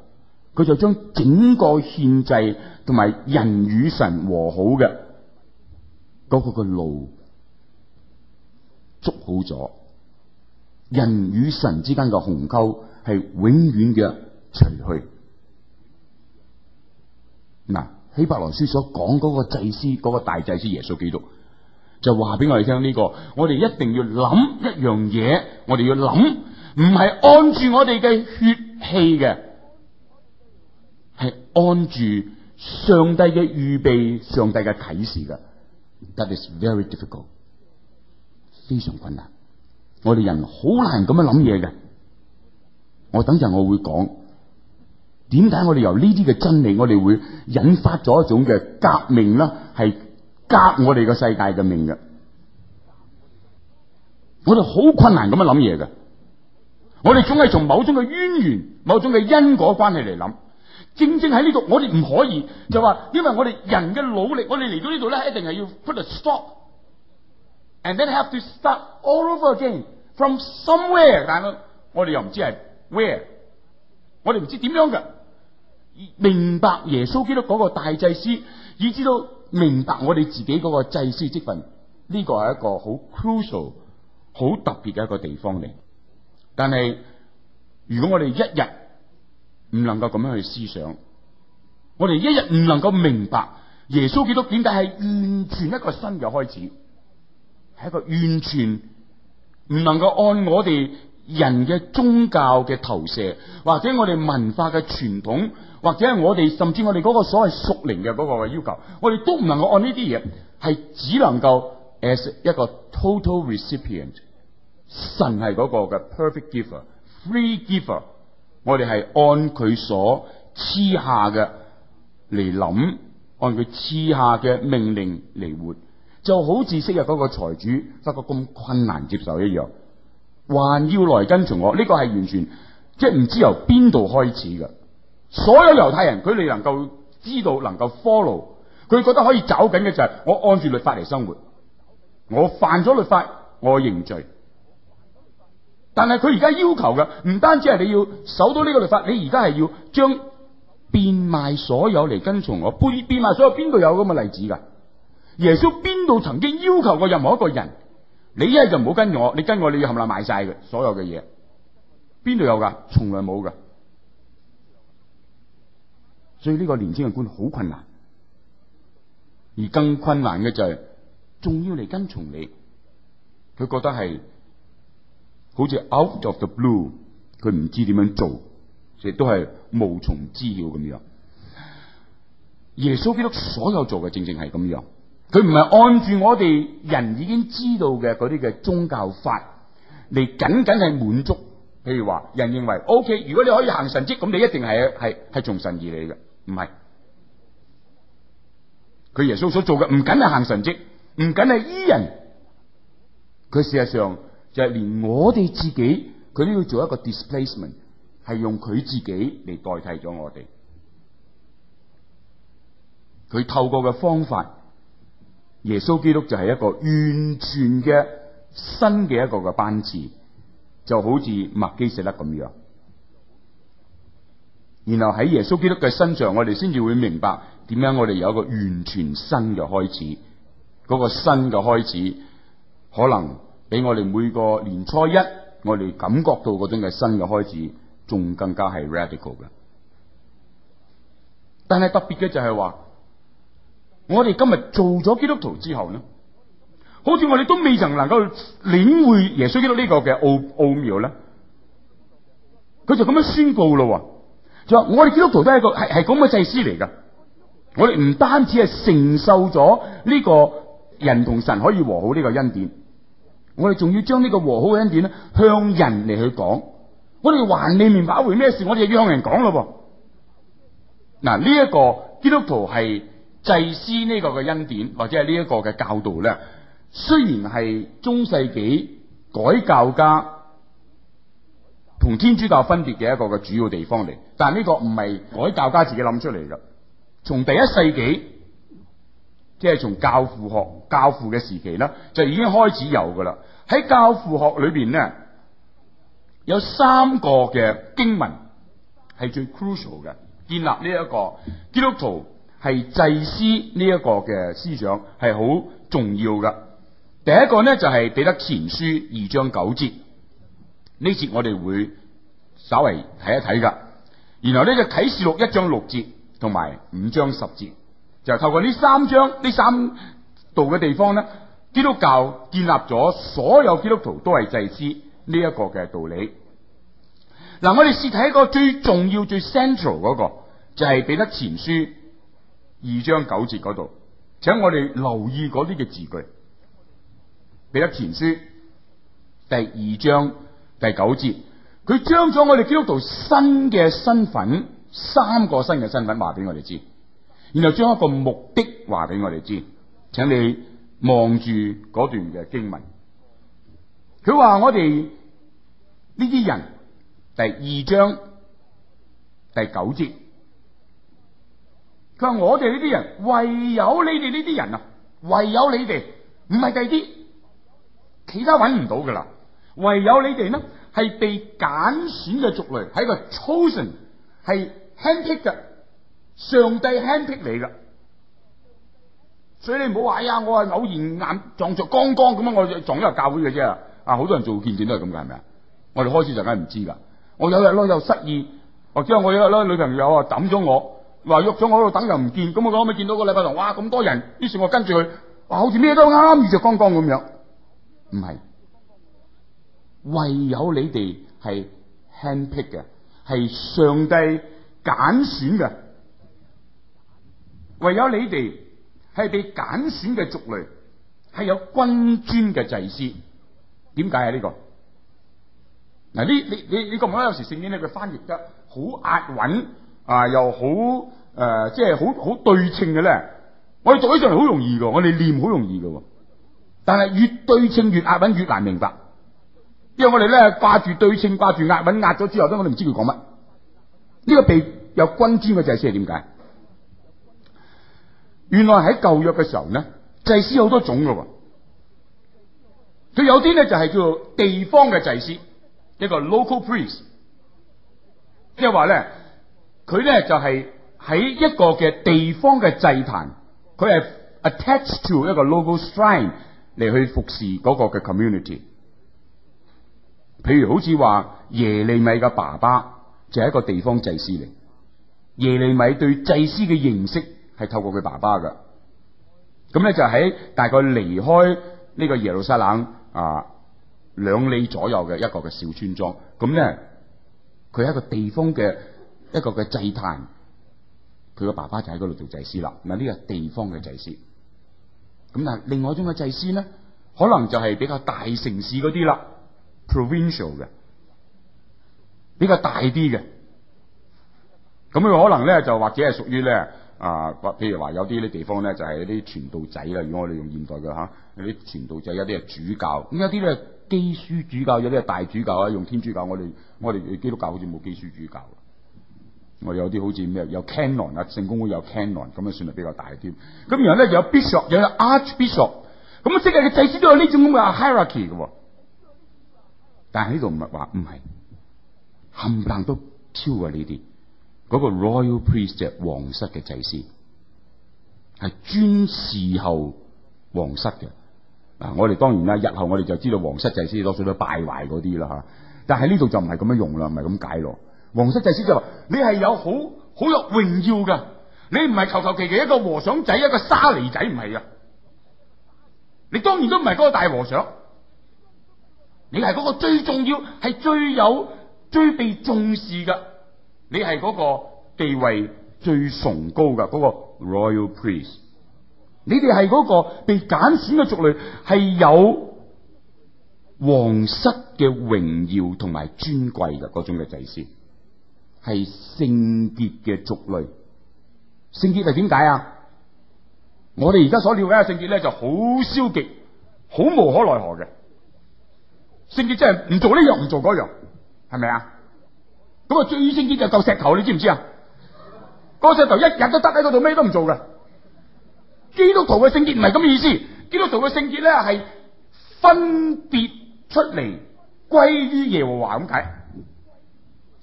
[SPEAKER 1] 佢就將整個憲制同埋人與神和好嘅嗰個嘅路捉好咗，人與神之間嘅鴻溝係永遠嘅除去。嗱，希伯來書所講嗰個祭司，嗰個大祭司耶穌基督，就話俾我哋聽呢個，我哋一定要諗一樣嘢，我哋要諗，唔係按住我哋嘅血氣嘅。按住上帝嘅預備，上帝嘅啟示嘅，That is very difficult，非常困難。我哋人好難咁樣諗嘢嘅。我等陣我會講，點解我哋由呢啲嘅真理，我哋會引發咗一種嘅革命啦，係革我哋個世界嘅命嘅。我哋好困難咁樣諗嘢嘅，我哋總係從某種嘅淵源、某種嘅因果關係嚟諗。正正喺呢度，我哋唔可以就話，因為我哋人嘅努力，我哋嚟到呢度咧，一定係要 put a stop，and then have to start all over again from somewhere。但係我哋又唔知係 where，我哋唔知點樣嘅。明白耶穌基督嗰個大祭司，以知道明白我哋自己個祭司職份，呢個係一個好 crucial、好特別嘅一個地方嚟。但係如果我哋一日，唔能夠咁樣去思想，我哋一日唔能夠明白耶穌基督點解係完全一個新嘅開始，係一個完全唔能夠按我哋人嘅宗教嘅投射，或者我哋文化嘅傳統，或者係我哋甚至我哋個所謂屬靈嘅個嘅要求，我哋都唔能夠按呢啲嘢，係只能夠 as 一個 total recipient，神係個嘅 perfect giver，free giver。我哋係按佢所賜下嘅嚟諗，按佢賜下嘅命令嚟活，就好似昔日嗰個財主不過咁困難接受一樣，還要來跟從我。呢、這個係完全，即係唔知由邊度開始嘅。所有猶太人，佢哋能夠知道，能夠 follow，佢覺得可以走緊嘅就係、是、我按住律法嚟生活，我犯咗律法，我認罪。但係佢而家要求嘅唔單止係你要守到呢個律法，你而家係要將變賣所有嚟跟從我。變變賣所有邊度有咁嘅例子噶？耶穌邊度曾經要求過任何一個人？你一係就唔好跟我，你跟我你要冚唪唥賣晒嘅所有嘅嘢，邊度有噶？從來冇噶。所以呢個年青嘅官好困難，而更困難嘅就係、是，仲要嚟跟從你，佢覺得係。好似 out of the blue，佢唔知點樣做，亦都係無從知曉咁樣。耶穌基督所有做嘅正正係咁樣，佢唔係按住我哋人已經知道嘅嗰啲嘅宗教法嚟，僅僅係滿足。譬如話人認為 O、OK，K，如果你可以行神蹟，咁你一定係係係從神而嚟嘅，唔係。佢耶穌所做嘅唔僅係行神蹟，唔僅係醫人，佢事實上。就係連我哋自己，佢都要做一個 displacement，係用佢自己嚟代替咗我哋。佢透過嘅方法，耶穌基督就係一個完全嘅新嘅一個嘅班次，就好似麥基洗德咁樣。然後喺耶穌基督嘅身上，我哋先至會明白點解，我哋有一個完全新嘅開始。嗰個新嘅開始，可能。俾我哋每個年初一，我哋感覺到嗰種嘅新嘅開始，仲更加係 radical 嘅。但係特別嘅就係話，我哋今日做咗基督徒之後咧，好似我哋都未曾能夠領會耶穌基督呢個嘅奧奧妙咧。佢就咁樣宣告咯，就話我哋基督徒都係一個係係咁嘅祭司嚟噶。我哋唔單止係承受咗呢個人同神可以和好呢個恩典。我哋仲要將呢個和好的恩典呢，向人嚟去講。我哋還未明白一回咩事？我哋就要向人講咯噃。嗱，呢一個基督徒係祭司呢個嘅恩典，或者係呢一個嘅教導咧。雖然係中世紀改教家同天主教分別嘅一個嘅主要地方嚟，但係呢個唔係改教家自己諗出嚟噶，從第一世紀。即係從教父學教父嘅時期啦，就已經開始有噶啦。喺教父學裏邊咧，有三個嘅經文係最 crucial 嘅，建立呢一個基督徒係祭司呢一個嘅思想係好重要嘅。第一個咧就係彼得前書二章九節，呢節我哋會稍微睇一睇噶。然後呢就啟示錄一章六節同埋五章十節。就係透過呢三章，呢三道嘅地方咧，基督教建立咗所有基督徒都係祭司呢一個嘅道理。嗱、啊，我哋試睇一個最重要、最 central 嗰，那個，就係彼得前書二章九節嗰度，請我哋留意嗰啲嘅字句。彼得前書第二章第九節，佢將咗我哋基督徒新嘅身份，三個新嘅身份話俾我哋知。然後將一個目的話俾我哋知，請你望住嗰段嘅經文。佢話我哋呢啲人，第二章第九節，佢話我哋呢啲人，唯有你哋呢啲人啊，唯有你哋，唔係第啲，其他揾唔到噶啦，唯有你哋呢，係被揀選嘅族類，係一個 chosen，係 handpick 嘅。上帝 handpick 嚟噶，所以你唔好話哎呀，我係偶然眼撞着剛剛咁啊！我就撞咗個教會嘅啫。啊，好多人做見證都係咁嘅，係咪啊？我哋開始就梗唔知噶。我有日咯又失意，或者我有日咯女朋友啊抌咗我，話喐咗我度等又唔見咁。我講可唔可以見到個禮拜堂，哇咁多人，於是我跟住佢，話好似咩都啱遇着剛剛咁樣，唔係唯有你哋係 handpick 嘅，係上帝揀選嘅。唯有你哋係被揀選嘅族類，係有君尊嘅祭司。點解啊？呢個嗱，你你你你覺唔覺得有時聖經咧佢翻譯得好押韻啊，又好誒，即係好好對稱嘅咧？我哋讀起上嚟好容易嘅，我哋念好容易嘅，但係越對稱越押韻越難明白。因為我哋咧掛住對稱，掛住押韻，押咗之後咧，我哋唔知佢講乜。呢個被有君尊嘅祭司係點解？原來喺舊約嘅時候咧，祭司好多種噶喎。佢有啲咧就係叫做地方嘅祭司，一個 local priest，即係話咧，佢咧就係喺一個嘅地方嘅祭壇，佢係 attach to 一個 local shrine 嚟去服侍嗰個嘅 community。譬如好似話耶利米嘅爸爸就係一個地方祭司嚟，耶利米對祭司嘅認識。係透過佢爸爸噶，咁咧就喺大概離開呢個耶路撒冷啊兩里左右嘅一個嘅小村莊，咁咧佢係一個地方嘅一個嘅祭壇，佢個爸爸就喺嗰度做祭司啦。嗱，呢個地方嘅祭司，咁但係另外一種嘅祭司咧，可能就係比較大城市嗰啲啦，provincial 嘅，比較大啲嘅，咁佢可能咧就或者係屬於咧。啊，譬如話有啲啲地方咧，就係一啲傳道仔啦。如果我哋用現代嘅吓、啊，有啲傳道仔，有啲係主教，咁有啲咧基書主教，有啲係大主教啊。用天主教，我哋我哋基督教好似冇基書主教。我有啲好似咩有 Canon 啊，聖公會有 Canon，咁啊算係比較大啲。咁然後咧有 Bishop，有 Archbishop，咁即係嘅祭司都有呢種咁嘅 Hierarchy 嘅。但係呢度唔係話唔係冚唪唥都超過呢啲。嗰個 Royal Priest，即皇室嘅祭司，係專侍候皇室嘅。嗱、啊，我哋當然啦，日後我哋就知道皇室祭司多數都敗壞嗰啲啦吓。但係呢度就唔係咁樣用啦，唔係咁解咯。皇室祭司就話：你係有好好有榮耀噶，你唔係求求其其一個和尚仔，一個沙彌仔，唔係噶。你當然都唔係嗰個大和尚，你係嗰個最重要，係最有最被重視噶。你係嗰個地位最崇高嘅嗰個 royal priest，你哋係嗰個被揀選嘅族類，係有皇室嘅榮耀同埋尊貴嘅嗰種嘅祭司，係聖潔嘅族類。聖潔係點解啊？我哋而家所了解嘅聖潔咧，就好消極，好無可奈何嘅。聖潔即係唔做呢樣唔做嗰樣，係咪啊？咁啊，個最聖潔就嚿石頭，你知唔知啊？嗰、那個、石頭一日都得喺嗰度，咩都唔做噶。基督徒嘅聖潔唔係咁意思，基督徒嘅聖潔咧係分別出嚟歸於耶和華咁解。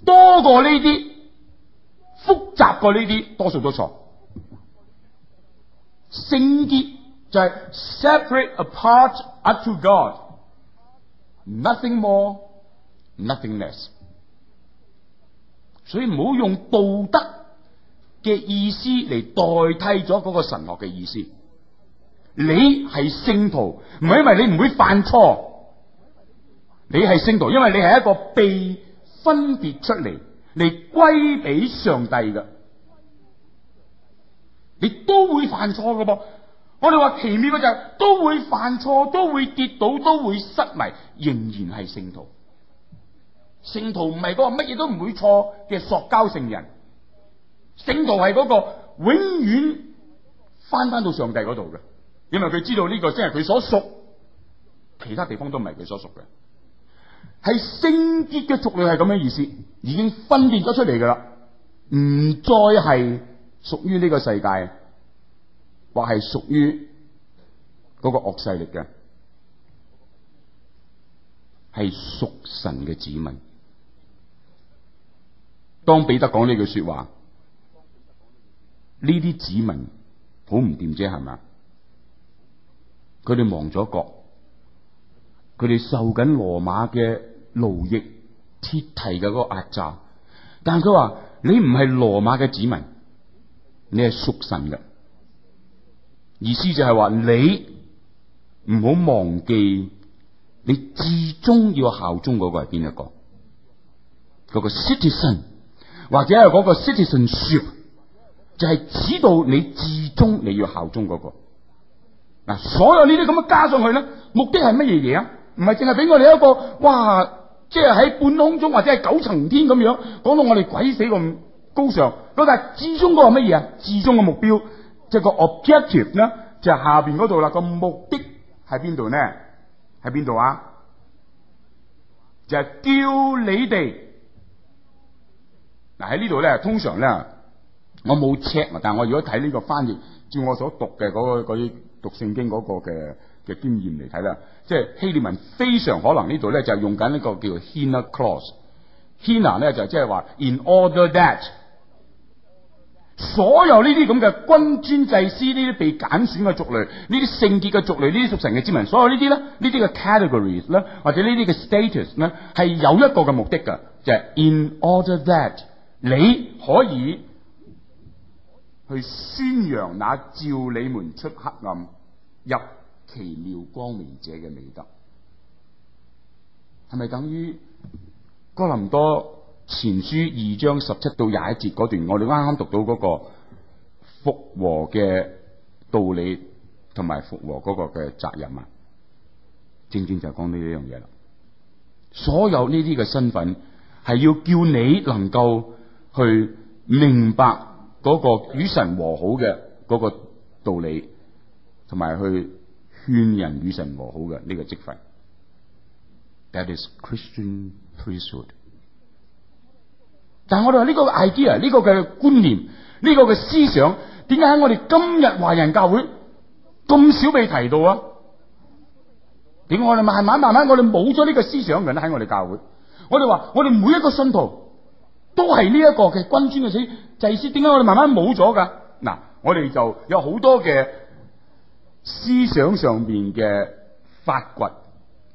[SPEAKER 1] 多過呢啲複雜過呢啲，多數都錯。聖潔就係 separate apart unto God，nothing more，nothing less。所以唔好用道德嘅意思嚟代替咗嗰個神學嘅意思。你係聖徒，唔係因為你唔會犯錯，你係聖徒，因為你係一個被分別出嚟嚟歸俾上帝嘅。你都會犯錯噶噃，我哋話奇妙嘅就係都會犯錯，都會跌倒，都會失迷，仍然係聖徒。聖徒唔係嗰個乜嘢都唔會錯嘅塑膠聖人，聖徒係嗰個永遠翻翻到上帝嗰度嘅，因為佢知道呢個先係佢所屬，其他地方都唔係佢所屬嘅，係聖潔嘅族類，係咁嘅意思，已經分辨咗出嚟噶啦，唔再係屬於呢個世界，或係屬於嗰個惡勢力嘅，係屬神嘅子民。當彼得講呢句說話，呢啲子民好唔掂啫，係咪啊？佢哋亡咗國，佢哋受緊羅馬嘅奴役、鐵蹄嘅嗰個壓榨。但係佢話：你唔係羅馬嘅子民，你係屬神嘅。意思就係話你唔好忘記，你至終要效忠嗰個係邊一個？嗰、嗰個 citizen。或者係個 citizenship，就係指導你至終你要效忠嗰個。嗱，所有呢啲咁嘅加上去咧，目的係乜嘢嘢啊？唔係淨係俾我哋一個哇，即係喺半空中或者係九層天咁樣，講到我哋鬼死咁高尚。但係至終個係乜嘢啊？至終嘅目標即係個 objective 咧，就是那呢就是，下邊度啦。個目的喺邊度咧？喺邊度啊？就係、是，叫你哋。喺呢度咧，通常咧，我冇 check 尺，但係我如果睇呢個翻譯，照我所讀嘅嗰、那個嗰啲、那個、讀聖經嗰個嘅嘅經驗嚟睇啦，即係希臘文非常可能這呢度咧就用緊呢個叫做 Hina Clause。Hina 咧就即係話，in order that 所有呢啲咁嘅君尊祭司呢啲被揀選嘅族類，呢啲聖潔嘅族類，呢啲屬神嘅子民，所有這些呢啲咧，呢啲嘅 categories 咧，或者這些呢啲嘅 status 咧，係有一個嘅目的噶，就係、是、in order that。你可以去宣揚那召你們出黑暗入奇妙光明者嘅美德，係咪等於哥林多前書二章十七到廿一節嗰段？我哋啱啱讀到嗰個復和嘅道理，同埋復和嗰個嘅責任啊，正正就講呢一樣嘢啦。所有呢啲嘅身份係要叫你能夠，去明白嗰個與神和好嘅個道理，同埋去勸人與神和好嘅呢個職份。That is Christian priesthood. 但係我哋話呢個 idea、呢個嘅觀念、呢個嘅思想，點解喺我哋今日華人教會咁少被提到啊？點解我哋慢慢慢慢，我哋冇咗呢個思想嘅喺我哋教會。我哋話，我哋每一個信徒。都係呢一個嘅君尊嘅死祭司，點解我哋慢慢冇咗噶？嗱，我哋就有好多嘅思想上邊嘅發掘，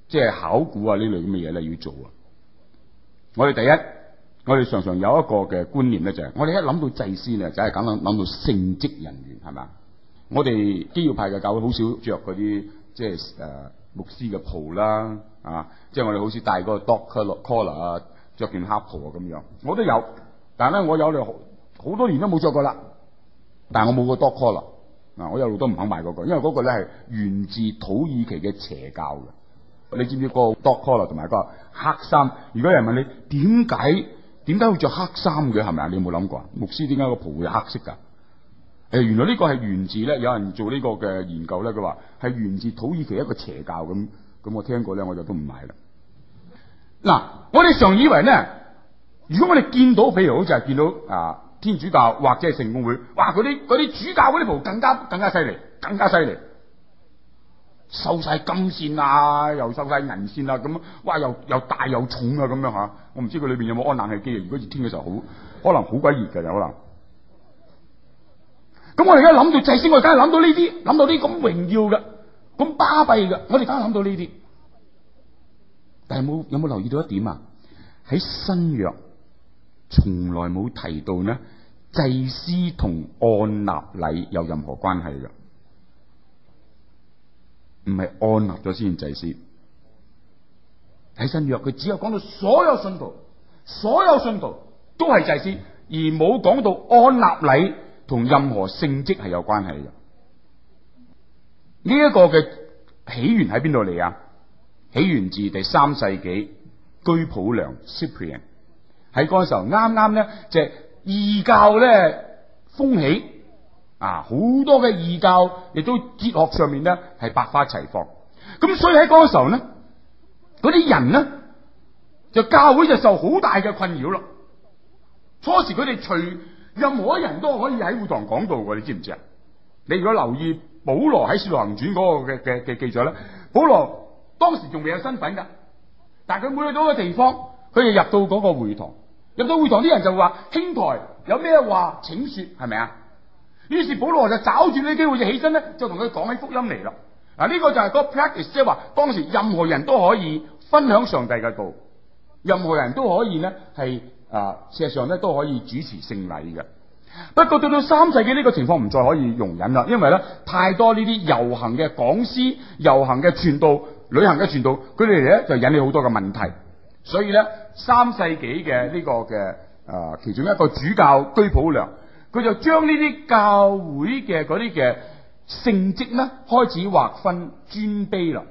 [SPEAKER 1] 即係考古啊呢類咁嘅嘢咧，要做啊。我哋第一，我哋常常有一個嘅觀念咧，就係我哋一諗到祭司啊，就係講諗諗到聖職人員係咪？我哋基要派嘅教會好少着嗰啲即係誒牧師嘅袍啦啊，即係我哋好似戴嗰個 doctor collar。着件黑袍啊咁樣，我都有，但呢，咧我有嚟好多年都冇着過啦。但我冇個 dog collar 啦，嗱，我一路都唔肯買嗰個，因為嗰個咧係源自土耳其嘅邪教嘅。你知唔知個 dog collar 同埋個黑衫？如果有人問你點解點解要着黑衫嘅係咪啊？你有冇諗過啊？牧師點解個袍會係黑色㗎？誒，原來呢個係源自咧，有人做呢個嘅研究咧，佢話係源自土耳其一個邪教咁咁，我聽過咧，我就都唔買啦。嗱，我哋常以為咧，如果我哋見到譬如好似係見到啊、呃、天主教或者係聖公會，哇！嗰啲啲主教嗰啲袍，更加更加犀利，更加犀利，收晒金線啊，又收晒銀線啊，咁哇，又又大又重啊，咁樣吓、啊，我唔知佢裏邊有冇安冷氣機，如果熱天嘅時候，好可能好鬼熱嘅，有可，可能。咁我哋而家諗到祭司，我而家諗到呢啲，諗到啲咁榮耀嘅，咁巴閉嘅，我哋梗係諗到呢啲。但係冇，有冇留意到一點啊？喺新約從來冇提到呢祭司同按立禮有任何關係嘅，唔係按立咗先祭司。喺新約佢只有講到所有信徒，所有信徒都係祭司，而冇講到按立禮同任何聖職係有關係嘅。呢、這、一個嘅起源喺邊度嚟啊？起源自第三世紀居普良 （Cyprian），喺嗰時候啱啱咧，隻、就係、異教咧風起，啊好多嘅異教亦都哲學上面咧係百花齊放。咁所以喺嗰時候咧，嗰啲人呢，就教會就受好大嘅困擾咯。初時佢哋隨任何人都可以喺會堂講道嘅，你知唔知啊？你如果留意保羅喺《使徒行傳》嗰個嘅嘅嘅記載咧，保羅。當時仲未有身份噶，但係佢每去到一個地方，佢就入到嗰個會堂，入到會堂啲人就話有什麼話，兄台有咩話請說，係咪啊？於是保羅就找住呢機機會就起身咧，就同佢講起福音嚟啦。嗱、啊，呢、這個就係個 practice，即係話當時任何人都可以分享上帝嘅道，任何人都可以咧係啊，事實上咧都可以主持聖禮嘅。不過到到三世紀呢個情況唔再可以容忍啦，因為咧太多呢啲遊行嘅講師、遊行嘅傳道。旅行一轉到，佢哋咧就引起好多嘅問題，所以咧三世紀嘅呢、這個嘅啊、這個呃、其中一個主教居普良，佢就將呢啲教會嘅嗰啲嘅聖職咧開始劃分尊卑啦，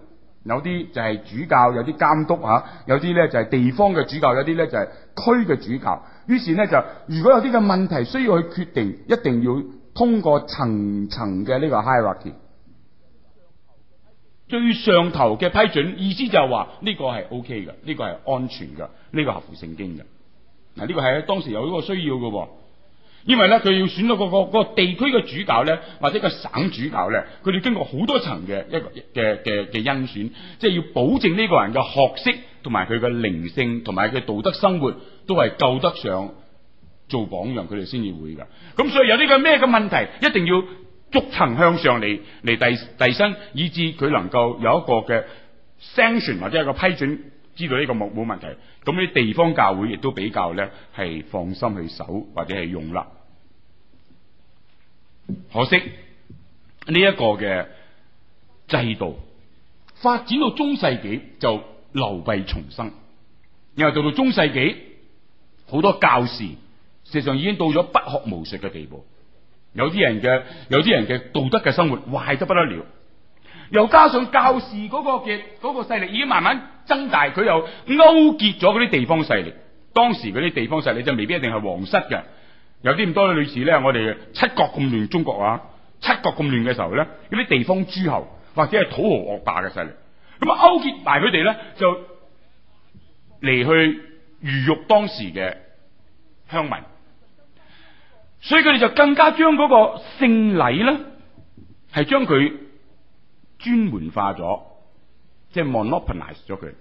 [SPEAKER 1] 有啲就係主教，有啲監督吓、啊，有啲咧就係、是、地方嘅主教，有啲咧就係、是、區嘅主教，於是咧就如果有啲嘅問題需要去決定，一定要通過層層嘅呢個 Hierarchy。最上頭嘅批准，意思就係話呢個係 O K 嘅，呢、呢個係安全嘅，呢、呢個合乎聖經嘅。嗱、呢、呢個係當時有一個需要喎，因為咧佢要選到嗰個嗰個地區嘅主教咧，或者個省主教咧，佢哋經過好多層嘅一個嘅嘅嘅甄選，即係要保證呢個人嘅學識同埋佢嘅靈性同埋佢道德生活都係夠得上做榜樣，佢哋先至會噶。咁所以有呢個咩嘅問題，一定要。逐層向上嚟嚟遞遞，以致佢能夠有一個嘅聲 n 或者一個批准之類，呢個冇冇問題。咁呢，地方教會亦都比較咧係放心去守或者係用啦。可惜呢一、這個嘅制度發展到中世紀就流弊重生，然為到到中世紀，好多教士事實上已經到咗不學無術嘅地步。有啲人嘅，有啲人嘅道德嘅生活壞得不得了，又加上教士嗰個嘅嗰個勢力已經慢慢增大，佢又勾結咗嗰啲地方勢力。當時嗰啲地方勢力就未必一定係皇室嘅，有啲咁多女士咧。我哋七國咁亂，中國啊，七國咁亂嘅時候咧，嗰啲地方諸侯或者係土豪惡霸嘅勢力，咁勾結埋佢哋咧，就嚟去魚肉當時嘅鄉民。所以佢哋就更加將嗰個聖禮咧，係將佢專門化咗，即係 monopolise 咗佢。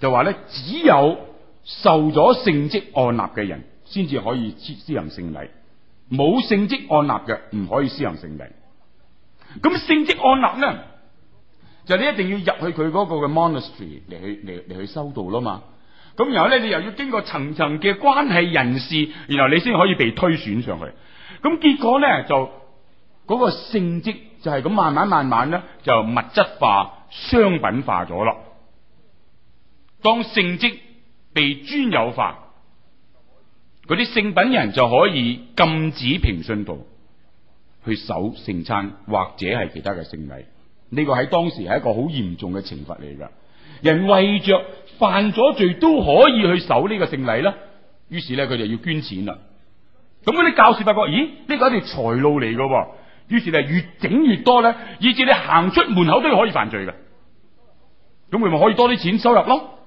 [SPEAKER 1] 就話、是、咧，只有受咗聖，聖，聖職按納嘅人先至可以施行聖禮，冇聖職按納嘅唔可以施行聖禮。咁聖職按納咧，就你一定要入去佢嗰個嘅 monastery 嚟去嚟嚟去修道啦嘛。咁然後咧，你又要經過層層嘅關係人士，然後你先可以被推選上去。咁結果咧，就嗰、那個聖職就係咁慢慢慢慢咧，就物質化、商品化咗咯。當聖職被專有化，嗰啲聖品人就可以禁止平信徒去守聖餐或者係其他嘅聖禮。呢、這個喺當時係一個好嚴重嘅懲罰嚟噶。人為着犯咗罪都可以去守呢個聖禮啦，於是咧，佢就要捐錢啦。咁啲教士發覺，「咦，呢個係條財路嚟喎！」於是呢，越整越多咧，以至你行出門口都可以犯罪㗎。咁佢咪可以多啲錢收入咯？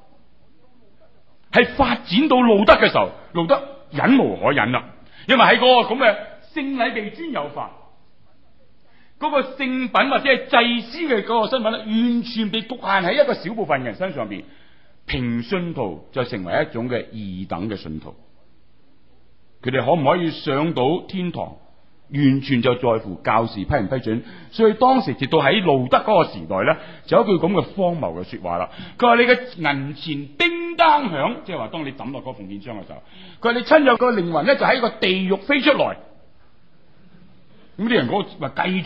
[SPEAKER 1] 係發展到路德嘅時候，路德忍無可忍啦，因為喺個咁嘅聖禮被尊有法。那個聖品或者係祭司嘅個身份咧，完全被局限喺一個小部分人身上邊。平信徒就成為一種嘅二等嘅信徒，佢哋可唔可以上到天堂，完全就在乎教士批唔批准。所以當時直到喺路德嗰個時代咧，就有一句咁嘅荒謬嘅說話啦。佢話你嘅銀錢叮當響，即係話當你抌落個奉獻箱嘅時候，佢話你親友個靈魂咧就喺個地獄飛出來。咁啲人嗰，繼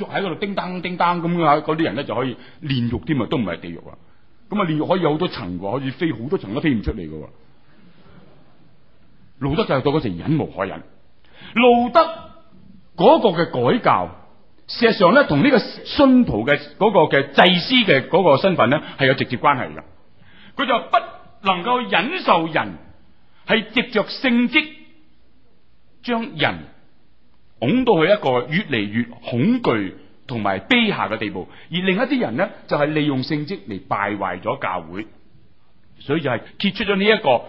[SPEAKER 1] 續喺嗰度叮噹叮噹咁啊！嗰啲人咧就可以煉獄添啊，都唔係地獄啊。咁啊煉獄可以有好多層，可以飛好多層都飛唔出嚟噶。路德就到嗰時忍無可忍，路德嗰個嘅改教，事實上咧同呢個信徒嘅嗰個嘅祭司嘅嗰個身份咧係有直接關係噶。佢就不能夠忍受人係藉着聖職將人。拱到佢一個越嚟越恐懼同埋卑下嘅地步，而另一啲人呢，就係、是、利用聖職嚟敗壞咗教會，所以就係揭出咗呢一個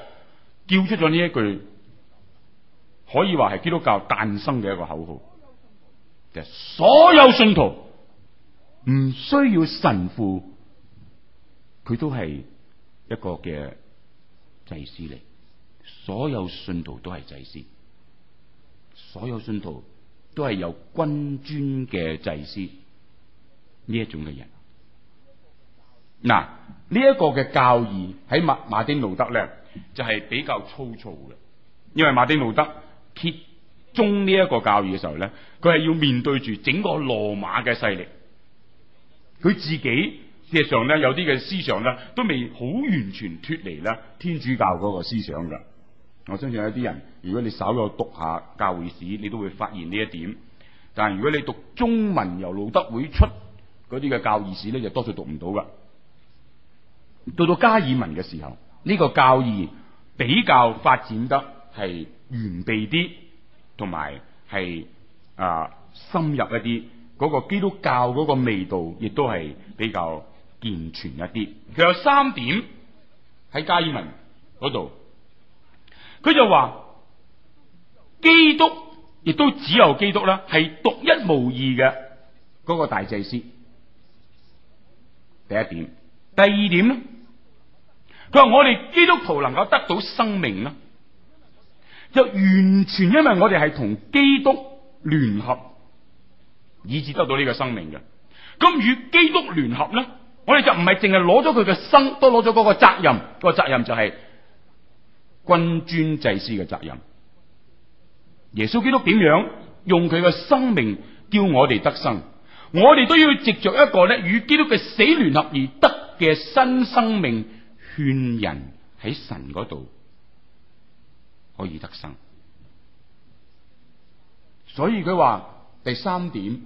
[SPEAKER 1] 叫出咗呢一句，可以話係基督教誕生嘅一個口號，就係、是、所有信徒唔需要神父，佢都係一個嘅祭司嚟，所有信徒都係祭司，所有信徒。都係有君尊嘅祭司，呢一種嘅人，嗱，呢一個嘅教義喺馬馬丁路德咧，就係、是、比較粗糙嘅，因為馬丁路德揭宗呢一個教義嘅時候咧，佢係要面對住整個羅馬嘅勢力，佢自己事實上咧，有啲嘅思想咧都未好完全脫離呢天主教嗰個思想噶。我相信有啲人，如果你稍有讀下教義史，你都會發現呢一點。但係如果你讀中文由路德會出嗰啲嘅教義史咧，就多數讀唔到噶。到到加爾文嘅時候，呢個教義比較發展得係完備啲，同埋係啊深入一啲。嗰個基督教嗰個味道亦都係比較健全一啲。佢有三點喺加爾文嗰度。佢就話基督亦都只有基督啦，係獨一無二嘅嗰個大祭司。第一點，第二點咧，佢話我哋基督徒能夠得到生命啦，就完全因為我哋係同基督聯合，以致得到呢個生命嘅。咁與基督聯合咧，我哋就唔係淨係攞咗佢嘅生，都攞咗嗰個責任。嗰個責任就係。君尊祭司嘅責任，耶穌基督點樣用佢嘅生命叫我哋得生？我哋都要藉着一個咧與基督嘅死聯合而得嘅新生命，勸人喺神嗰度可以得生。所以佢話第三點，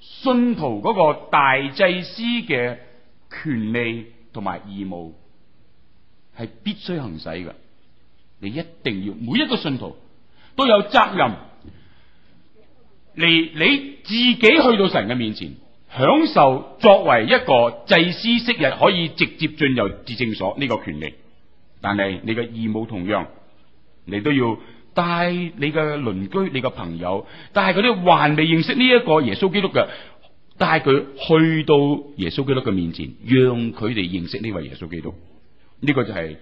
[SPEAKER 1] 信徒嗰個大祭司嘅權利同埋義務係必須行使嘅。你一定要每一個信徒都有責任嚟你,你自己去到神嘅面前，享受作為一個祭司昔日可以直接進入至聖所呢個權利。但係你嘅義務同樣，你都要帶你嘅鄰居、你嘅朋友，帶佢哋還未認識呢一個耶穌基督嘅，帶佢去到耶穌基督嘅面前，讓佢哋認識呢位耶穌基督。呢、呢個就係、是。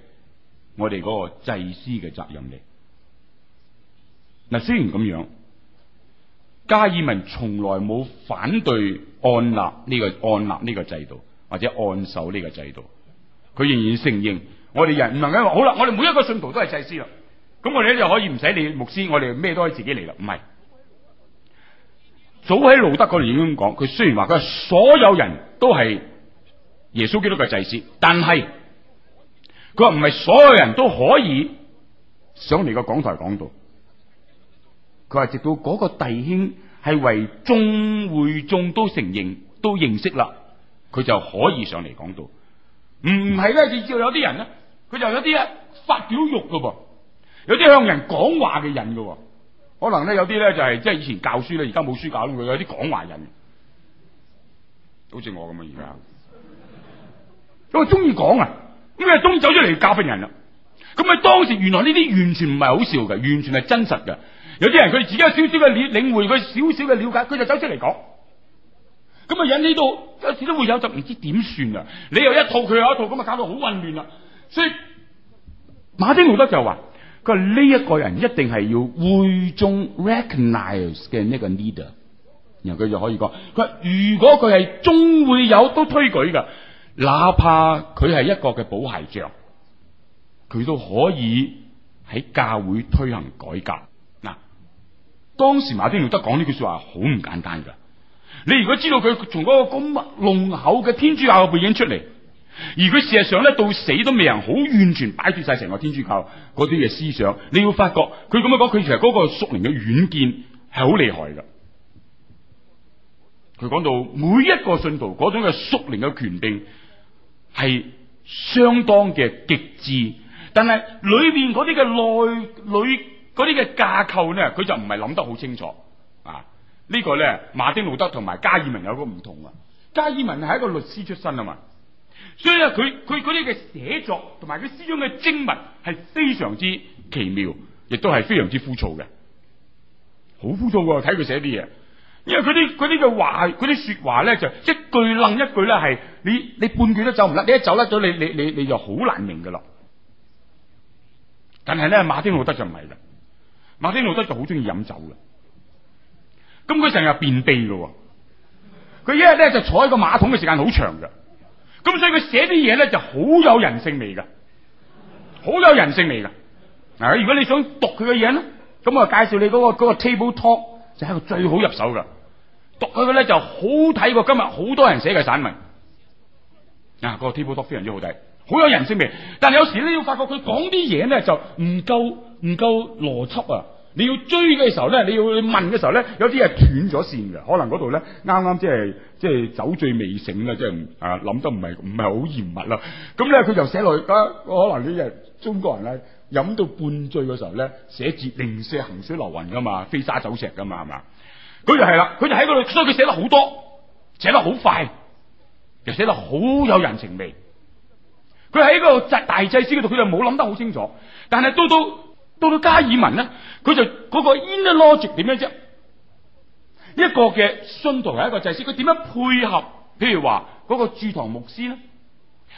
[SPEAKER 1] 我哋嗰個祭司嘅責任嚟嗱，雖然咁樣，加爾文從來冇反對按立呢、這個按立呢個制度或者按手呢個制度，佢仍然承認我哋人唔能夠好啦，我哋每一個信徒都係祭司啦，咁我哋就可以唔使理牧師，我哋咩都可以自己嚟啦。唔係早喺路德嗰度已經講，佢雖然話佢所有人都係耶穌基督嘅祭司，但係。佢話唔係所有人都可以上嚟個講台講道。佢話直到嗰個弟兄係為眾會眾都承認都認識啦，佢就可以上嚟講道。唔係咧，至少有啲人咧，佢就有啲啊發表欲噶噃，有啲向人講話嘅人噶，可能咧有啲咧就係即係以前教書咧，而家冇書教，有啲講話人，好似我咁啊而家，因為中意講啊。終於走出嚟教俾人啦，咁啊當時原來呢啲完全唔係好笑嘅，完全係真實嘅。有啲人佢自己有少少嘅領會，佢少少嘅了解，佢就走出嚟講，咁啊引起到有時都會友就唔知點算啦。你又一套佢又一套，咁啊搞到好混亂啦。所以馬丁摩德就話：佢話呢一個人一定係要會眾 recognize 嘅呢個 leader。然後佢就可以講：佢話如果佢係終會友都推舉噶。哪怕佢係一個嘅保鞋匠，佢都可以喺教會推行改革。嗱，當時馬丁路德講呢句說話好唔簡單噶。你如果知道佢從嗰個咁濃厚嘅天主教嘅背景出嚟，而佢事實上咧到死都未人好完全擺脫晒成個天主教嗰啲嘅思想，你會發覺佢咁樣講，佢其實嗰個屬靈嘅遠見係好厲害噶。佢講到每一個信徒嗰種嘅屬靈嘅權柄，係相當嘅極致，但係裏邊嗰啲嘅內裏嗰啲嘅架構咧，佢就唔係諗得好清楚啊！這個、呢個咧，馬丁路德同埋加爾文有一個唔同啊。加爾文係一個律師出身啊嘛，所以咧，佢佢嗰啲嘅寫作同埋佢思想嘅精文係非常之奇妙，亦都係非常之枯燥嘅，好枯燥㗎。睇佢寫啲嘢。因為佢啲佢啲嘅話，佢啲說話咧就一句楞一句咧係你你半句都走唔甩，你一走甩咗，你你你你就好難明噶啦。但係咧，馬丁路德就唔係啦，馬丁路德就好中意飲酒噶。咁佢成日便秘噶，佢一日咧就坐喺個馬桶嘅時間好長噶。咁所以佢寫啲嘢咧就好有人性味噶，好有人性味啦。嗱、嗯，如果你想讀佢嘅嘢咧，咁我就介紹你嗰、嗰個、嗰個 Table Talk。就係一個最好入手嘅讀佢嘅咧，就好睇過今日好多人寫嘅散文。嗱、啊，個 Table Talk 非常之好睇，好有人性味。但係有時咧，你要發覺佢講啲嘢咧，就唔夠唔夠邏輯啊！你要追嘅時候咧，你要問嘅時候咧，有啲係斷咗線嘅。可能嗰度咧，啱啱即係即係酒醉未醒啦，即係，啊諗得唔係唔係好嚴密啦。咁咧，佢就寫落去啊！可能呢人中國人咧。飲到半醉嘅時候咧，寫字零舍行水流雲噶嘛，飛沙走石噶嘛，係嘛？佢就係啦，佢就喺嗰度，所以佢寫得好多，寫得好快，又寫得好有人情味。佢喺嗰個大祭司嗰度，佢就冇諗得好清楚。但係到到到到加爾文咧，佢就嗰個 in the logic 點樣啫？呢一個嘅信徒係一個祭司，佢點樣配合？譬如話嗰個駐堂牧師咧？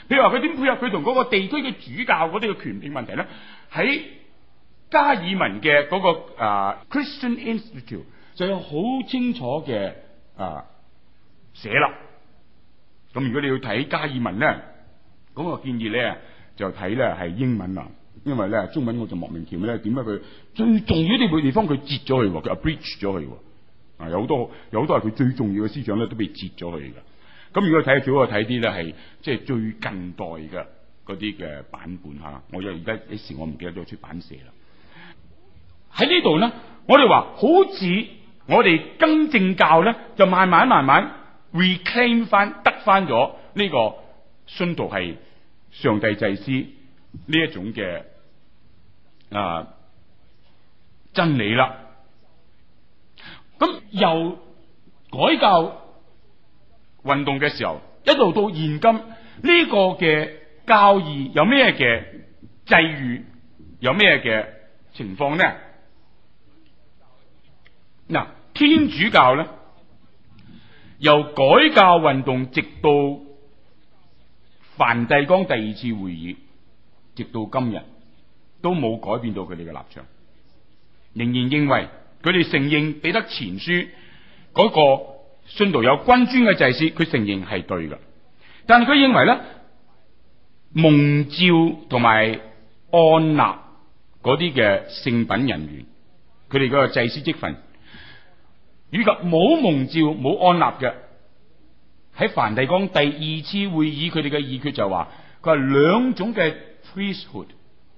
[SPEAKER 1] 譬如話佢點配合佢同嗰個地區嘅主教嗰啲嘅權力問題咧？喺加爾文嘅嗰、那個、uh, Christian Institute 就有好清楚嘅啊、uh, 寫啦。咁如果你要睇加爾文咧，咁、那、我、個、建議呢，就睇咧係英文啦，因為咧中文我就莫名其妙，點解佢最重要啲地方佢截咗佢喎，佢 abridge 咗佢喎。啊有好多有好多係佢最重要嘅思想咧都畀截咗佢㗎。咁如果睇少我睇啲咧，係即係最近代嘅嗰啲嘅版本嚇，我又而家一時我唔記得咗出版社啦。喺呢度咧，我哋話好似我哋更正教咧，就慢慢慢慢 reclaim 翻得翻咗呢個信徒係上帝祭司呢一種嘅、啊、真理啦。咁由改教運動嘅時候，一路到現今呢、這個嘅教義有咩嘅際遇，有咩嘅情況呢？嗱，天主教咧，由改教運動直到梵蒂岡第二次會議，直到今日，都冇改變到佢哋嘅立場，仍然認為佢哋承認彼得前書嗰、那個。信徒有君尊嘅祭司，佢承認係對嘅。但係佢認為咧，蒙召同埋安納嗰啲嘅聖品人員，佢哋嘅祭司職份，以及冇蒙召冇安納嘅，喺梵蒂岡第二次會議佢哋嘅議決就話，佢係兩種嘅 priesthood，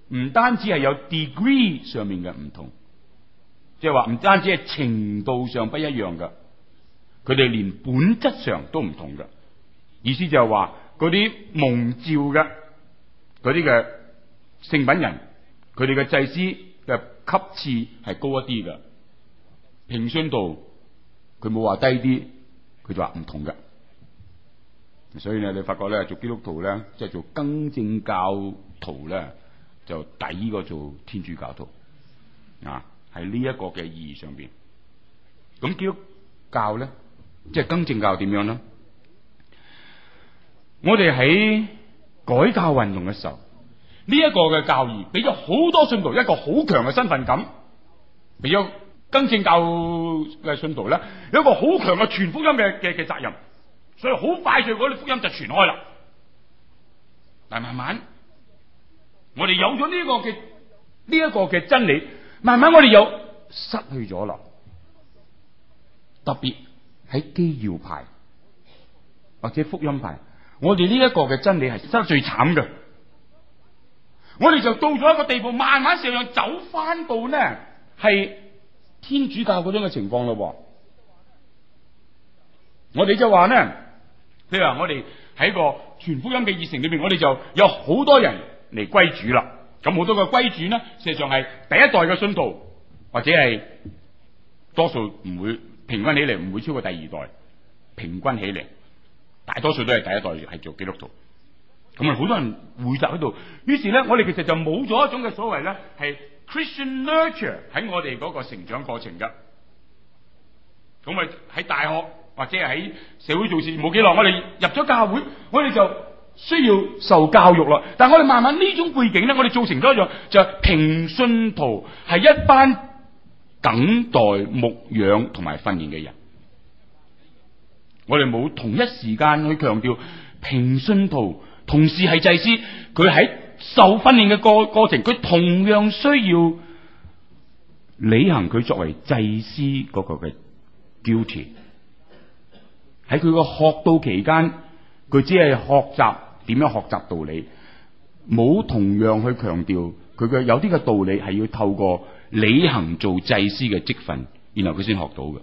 [SPEAKER 1] 唔單止係有 degree 上面嘅唔同，即係話唔單止係程度上不一樣嘅。佢哋連本質上都唔同嘅，意思就係話嗰啲蒙召嘅嗰啲嘅聖品人，佢哋嘅祭司嘅級次係高一啲嘅，平信徒佢冇話低啲，佢就話唔同嘅，所以咧你發覺咧做基督徒咧，即係做更正教徒咧，就抵過做天主教徒啊，喺呢一個嘅意義上邊，咁基督教咧。即係更正教點樣啦？我哋喺改教運動嘅時候，呢一個嘅教義俾咗好多信徒一個好強嘅身份感，俾咗更正教嘅信徒咧，有一個好強嘅傳福音嘅嘅嘅責任，所以好快脆嗰啲福音就傳開啦。但慢慢，我哋有咗呢個嘅呢一個嘅真理，慢慢我哋又失去咗啦，特別。喺基要派，或者福音派，我哋呢一個嘅真理係真係最慘嘅。我哋就到咗一個地步，慢慢上上走翻步咧，係天主教嗰種嘅情況咯。我哋就話咧，譬如話我哋喺個傳福音嘅熱誠裏邊，我哋就有好多人嚟歸主啦。咁好多嘅歸主咧，事實上係第一代嘅信徒或者係多數唔會。平均起嚟唔會超過第二代，平均起嚟，大多數都係第一代係做基督徒，咁啊好多人匯集喺度，於是咧我哋其實就冇咗一種嘅所謂咧係 Christian nurture 喺我哋嗰個成長過程噶，咁咪喺大學或者喺社會做事冇幾耐，我哋入咗教會，我哋就需要受教育咯，但係我哋慢慢呢種背景咧，我哋造成咗一樣就係平信徒係一班。等待牧養同埋訓練嘅人，我哋冇同一時間去強調平信徒同時係祭司，佢喺受訓練嘅過過程，佢同樣需要履行佢作為祭司嗰個嘅 duty。喺佢個學道期間，佢只係學習點樣學習道理，冇同樣去強調佢嘅有啲嘅道理係要透過。履行做祭司嘅職份，然後佢先學到嘅。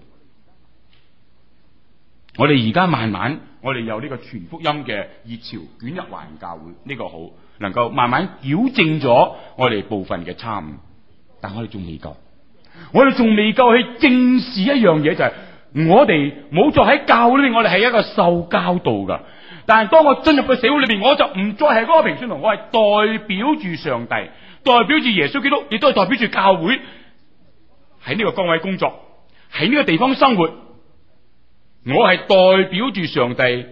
[SPEAKER 1] 我哋而家慢慢，我哋有呢個全福音嘅熱潮捲入環教會，呢、這個好能夠慢慢矯正咗我哋部分嘅差誤，但我哋仲未夠，我哋仲未夠去正視一樣嘢，就係我哋冇再喺教會裏邊，我哋係一個受教導噶。但係當我進入個社會裏邊，我就唔再係嗰個平信徒，我係代表住上帝。代表住耶穌基督，亦都係代表住教會喺呢個崗位工作，喺呢個地方生活。我係代表住上帝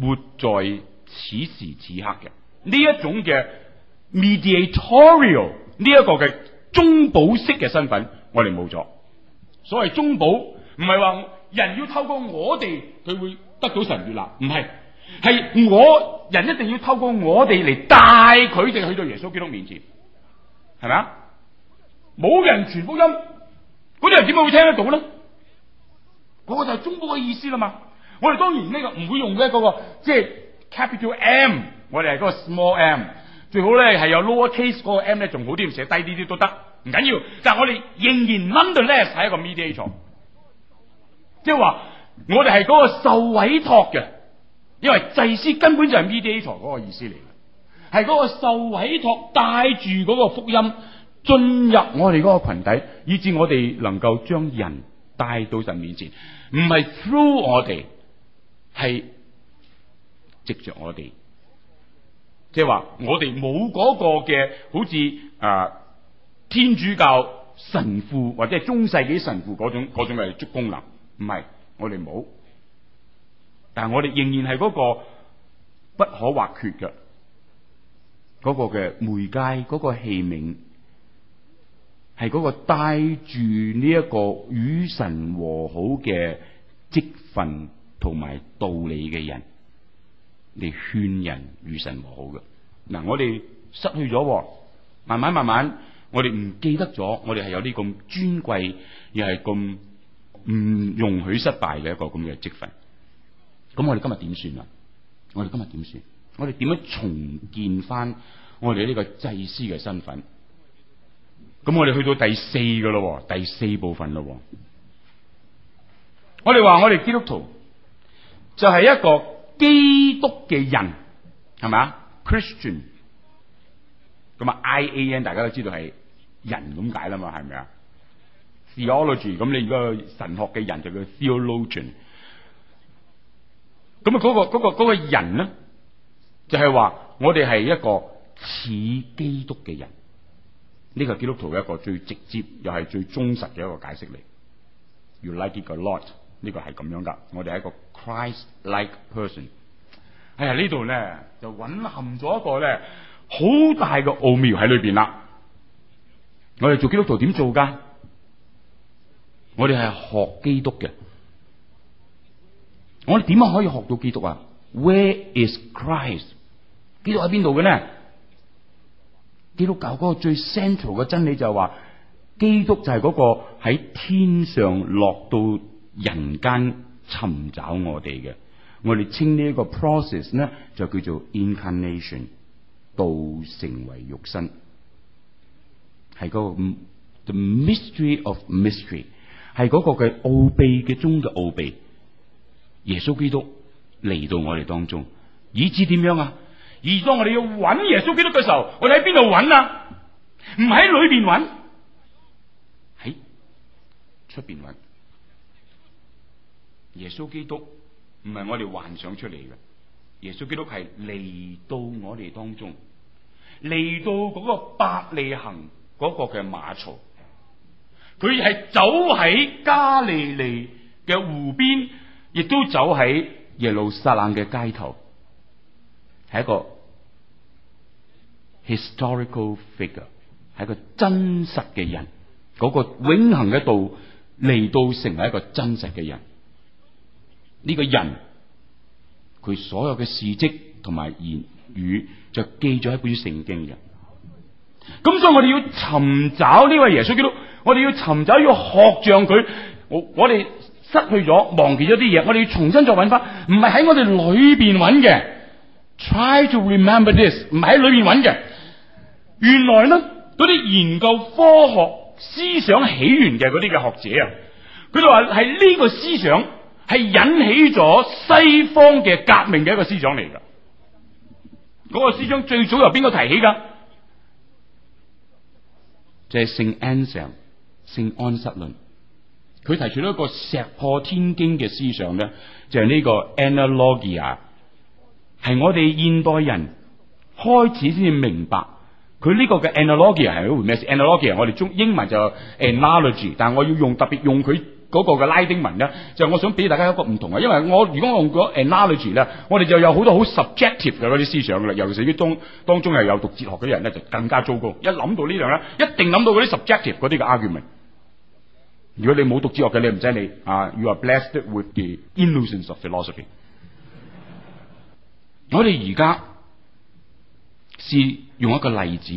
[SPEAKER 1] 活在此時此刻嘅呢一種嘅 mediatorial 呢一個嘅中保式嘅身份，我哋冇咗所謂中保，唔係話人要透過我哋佢會得到神悅納，唔係係我人一定要透過我哋嚟帶佢哋去到耶穌基督面前。係咪啊？冇人傳福音，嗰啲人點解會聽得到咧？嗰、嗰個就係中文嘅意思啦嘛。我哋當然呢個唔會用嘅個，個，即係 capital M，我哋係嗰個 small M，最好咧係有 lower case 嗰個 M 咧仲好啲，寫低啲啲都得，唔緊要。但係我哋仍然 nonetheless 係一個 mediator，即係話我哋係嗰個受委託嘅，因為祭司根本就係 mediator 嗰個意思嚟。係嗰個受委託帶住嗰個福音進入我哋嗰個群體，以致我哋能夠將人帶到神面前，唔係 through 我哋，係藉着我哋，即係話我哋冇嗰個嘅，好似啊、呃、天主教神父或者係中世紀神父嗰種那種嘅足功能，唔係我哋冇，但係我哋仍然係嗰個不可或缺嘅。嗰個嘅媒介，嗰個器皿，係嗰個帶住呢一個與神和好嘅職份同埋道理嘅人嚟勸人與神和好嘅。嗱，我哋失去咗，慢慢慢慢，我哋唔記得咗，我哋係有啲咁尊貴，又係咁唔容許失敗嘅一個咁嘅職份。咁我哋今日點算啊？我哋今日點算？我哋點樣重建翻我哋呢個祭司嘅身份？咁我哋去到第四個咯，第四部分咯。我哋話我哋基督徒就係一個基督嘅人，係咪？Christian 咁啊，I A N 大家都知道係人咁解啦嘛，係咪啊？Theology 咁你而家神學嘅人就叫 Theologian，咁、嗰、啊嗰個嗰、嗰個、嗰個人咧？就係話我哋係一個似基督嘅人，呢個基督徒嘅一個最直接又係最忠實嘅一個解釋嚟。You like it a lot？呢個係咁樣噶，我哋係一個 Christ-like person。哎呀，呢度咧就蘊含咗一個咧好大嘅奧妙喺裏邊啦。我哋做基督徒點做噶？我哋係學基督嘅。我哋點樣可以學到基督啊？Where is Christ？基督喺邊度嘅咧？基督教個最 central 嘅真理就係話，基督就係個喺天上落到人間尋找我哋嘅。我哋稱呢一個 process 咧就叫做 incarnation，道成為肉身，係嗰個 the mystery of mystery，係個嘅奧秘嘅中嘅奧秘。耶穌基督嚟到我哋當中，以至點樣啊？而當我哋要揾耶穌基督嘅時候，我哋喺邊度揾啊？唔喺裏邊揾，喺出邊揾。耶穌基督唔係我哋幻想出嚟嘅，耶穌基督係嚟到我哋當中，嚟到嗰個伯利恒嗰個嘅馬槽，佢係走喺加利利嘅湖邊，亦都走喺耶路撒冷嘅街頭，係一個。Historical figure 係一個真實嘅人，嗰個永恆嘅道嚟到成為一個真實嘅人。呢個人佢所有嘅事跡同埋言語就記咗一本聖經嘅。咁所以我哋要尋找呢位耶穌基督，我哋要尋找要學像佢。我我哋失去咗、忘記咗啲嘢，我哋要重新再搵翻。唔係喺我哋裏邊搵嘅。Try to remember this，唔係喺裏邊搵嘅。原來咧，嗰啲研究科學思想起源嘅嗰啲嘅學者啊，佢哋話係呢個思想係引起咗西方嘅革命嘅一個思想嚟噶。嗰、嗰個思想最早由邊個提起噶？嗯、就係聖 Anselm，聖安室論，佢提出咗一個石破天驚嘅思想咧，就係、是、呢個 analogia 係我哋現代人開始先至明白。佢呢個嘅 analogia 係咩？analogia 我哋中英文就 analogy，但我要用特別用佢嗰個嘅拉丁文咧，就係我想俾大家一個唔同嘅，因為我如果我用咗 analogy 咧，我哋就有好多好 subjective 嘅嗰啲思想啦，尤其是於當，當中又有讀哲學啲人咧，就更加糟糕。一諗到呢樣咧，一定諗到嗰啲 subjective 嗰啲嘅 argument。如果你冇讀哲學嘅，你唔使理啊。Uh, you are blessed with the illusions of philosophy 我。我哋而家。是用一個例子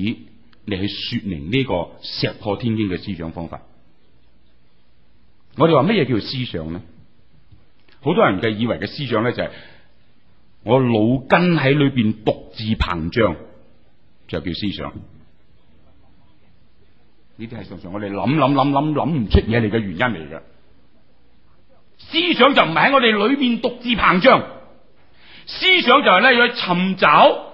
[SPEAKER 1] 嚟去說明呢個石破天驚嘅思想方法。我哋話乜嘢叫思想咧？好多人嘅以為嘅思想咧就係我腦筋喺裏邊獨自膨脹，就叫思想。呢啲係常常我哋諗諗諗諗諗唔出嘢嚟嘅原因嚟嘅。思想就唔係喺我哋裏邊獨自膨脹，思想就係咧要去尋找。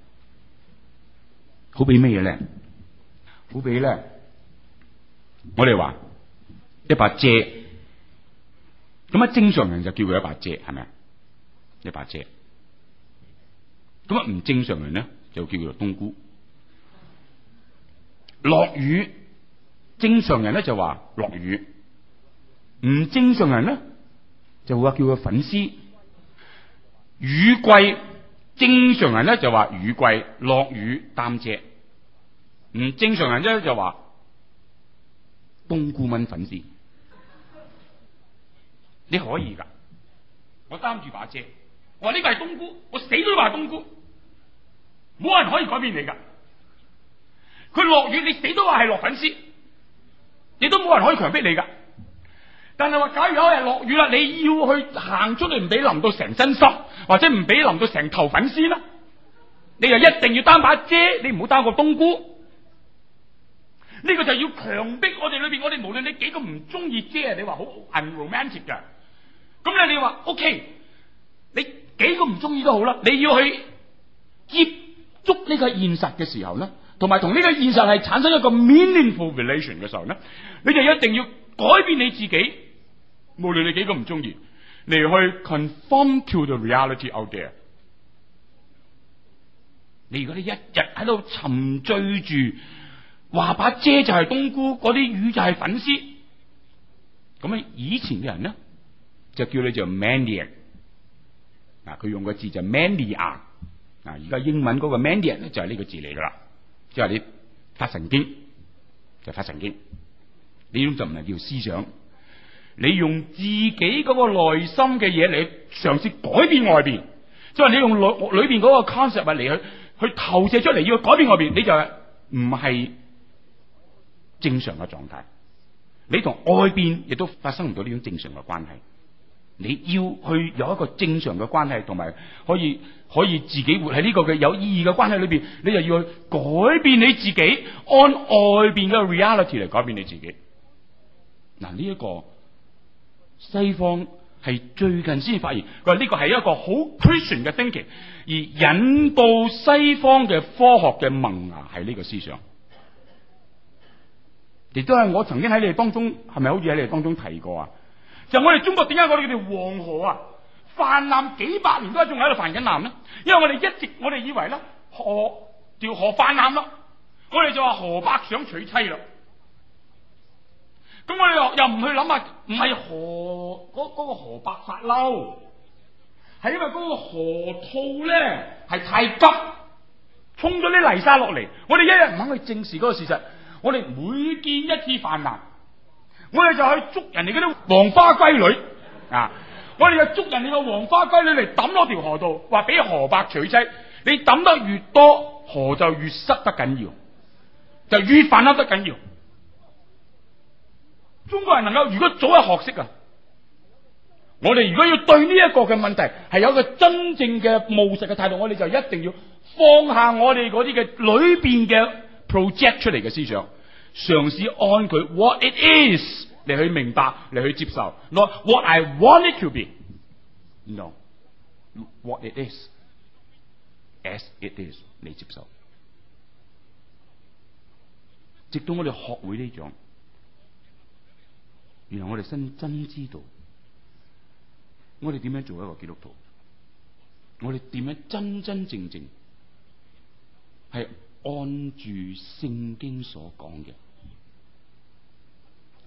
[SPEAKER 1] 好比咩嘢咧？好比咧，我哋話一把遮，咁啊正常人就叫佢一把遮，係咪啊？一把遮，咁啊唔正常人咧就叫佢做冬菇。落雨，正常人咧就話落雨，唔正常人咧就話叫佢粉絲。雨季。正常人咧就話雨季落雨擔遮，唔正常人咧就話冬菇炆粉絲。你可以噶，嗯，我擔住把遮，我話呢個係冬菇，我死都話冬菇，冇人可以改變你噶。佢落雨，你死都話係落粉絲，你都冇人可以強迫你噶。但係話，假如有日落雨啦，你要去行出去唔俾淋到成身濕，或者唔俾淋到成頭粉絲啦，你就一定要擔把遮，你唔好擔個冬菇。呢個就要強迫我哋裏邊，我哋無論你幾個唔中意遮，你話好 unromantic 嘅，咁咧你話 OK，你幾個唔中意都好啦，你要去接觸呢個現實嘅時候咧，同埋同呢個現實係產生一個 meaningful relation 嘅時候咧，你就一定要改變你自己。無論你幾咁唔中意，你去 conform to the reality out there。你如果你一日喺度沉醉住，話把遮就係冬菇，嗰啲魚就係粉絲，咁以前嘅人咧就叫你做 maniac 佢用個字就 maniac。而家英文嗰個 maniac 咧就係呢個字嚟噶啦，即係你發神經就發神經，呢種就唔係叫思想。你用自己嗰個內心嘅嘢嚟嘗試改變外邊，即係你用裏裏邊嗰個 concept 物嚟去去投射出嚟，要改變外邊，你就唔係正常嘅狀態。你同外邊亦都發生唔到呢種正常嘅關係。你要去有一個正常嘅關係，同埋可以可以自己活喺呢個嘅有意義嘅關係裏邊，你就要去改變你自己，按外邊嘅 reality 嚟改變你自己。嗱，呢一個。西方係最近先發現，佢話呢個係一個好 Christian 嘅星期，而引導西方嘅科學嘅萌芽係呢個思想，亦都係我曾經喺你哋當中，係咪好似喺你哋當中提過啊？就我哋中國點解我哋叫黃河啊，泛濫幾百年都係仲喺度泛緊濫咧？因為我哋一直我哋以為咧，河條河泛濫咯，我哋就話河伯想娶妻啦。咁我又又唔去諗啊！唔係河嗰個、嗰個河伯發嬲，係因為嗰個河套咧係太急，沖咗啲泥沙落嚟。我哋一日唔肯去正視嗰個事實，我哋每見一次泛濫，我哋就去捉人哋嗰啲黃花閨女啊！ 我哋就捉人哋個黃花閨女嚟抌落條河道，話俾河伯取妻。你抌得越多，河就越塞得緊要，就越泛得緊要。中國人能夠如果早一學識啊，我哋如果要對呢一個嘅問題係有個真正嘅務實嘅態度，我哋就一定要放下我哋嗰啲嘅裏邊嘅 project 出嚟嘅思想，嘗試按佢 what it is 嚟去明白嚟去接受，not what I want it to be，no，what it is，as it is，你接受，直到我哋學會呢種。原來我哋真真知道，我哋點樣做一個基督徒。我哋點樣真真正正係按住聖經所講嘅，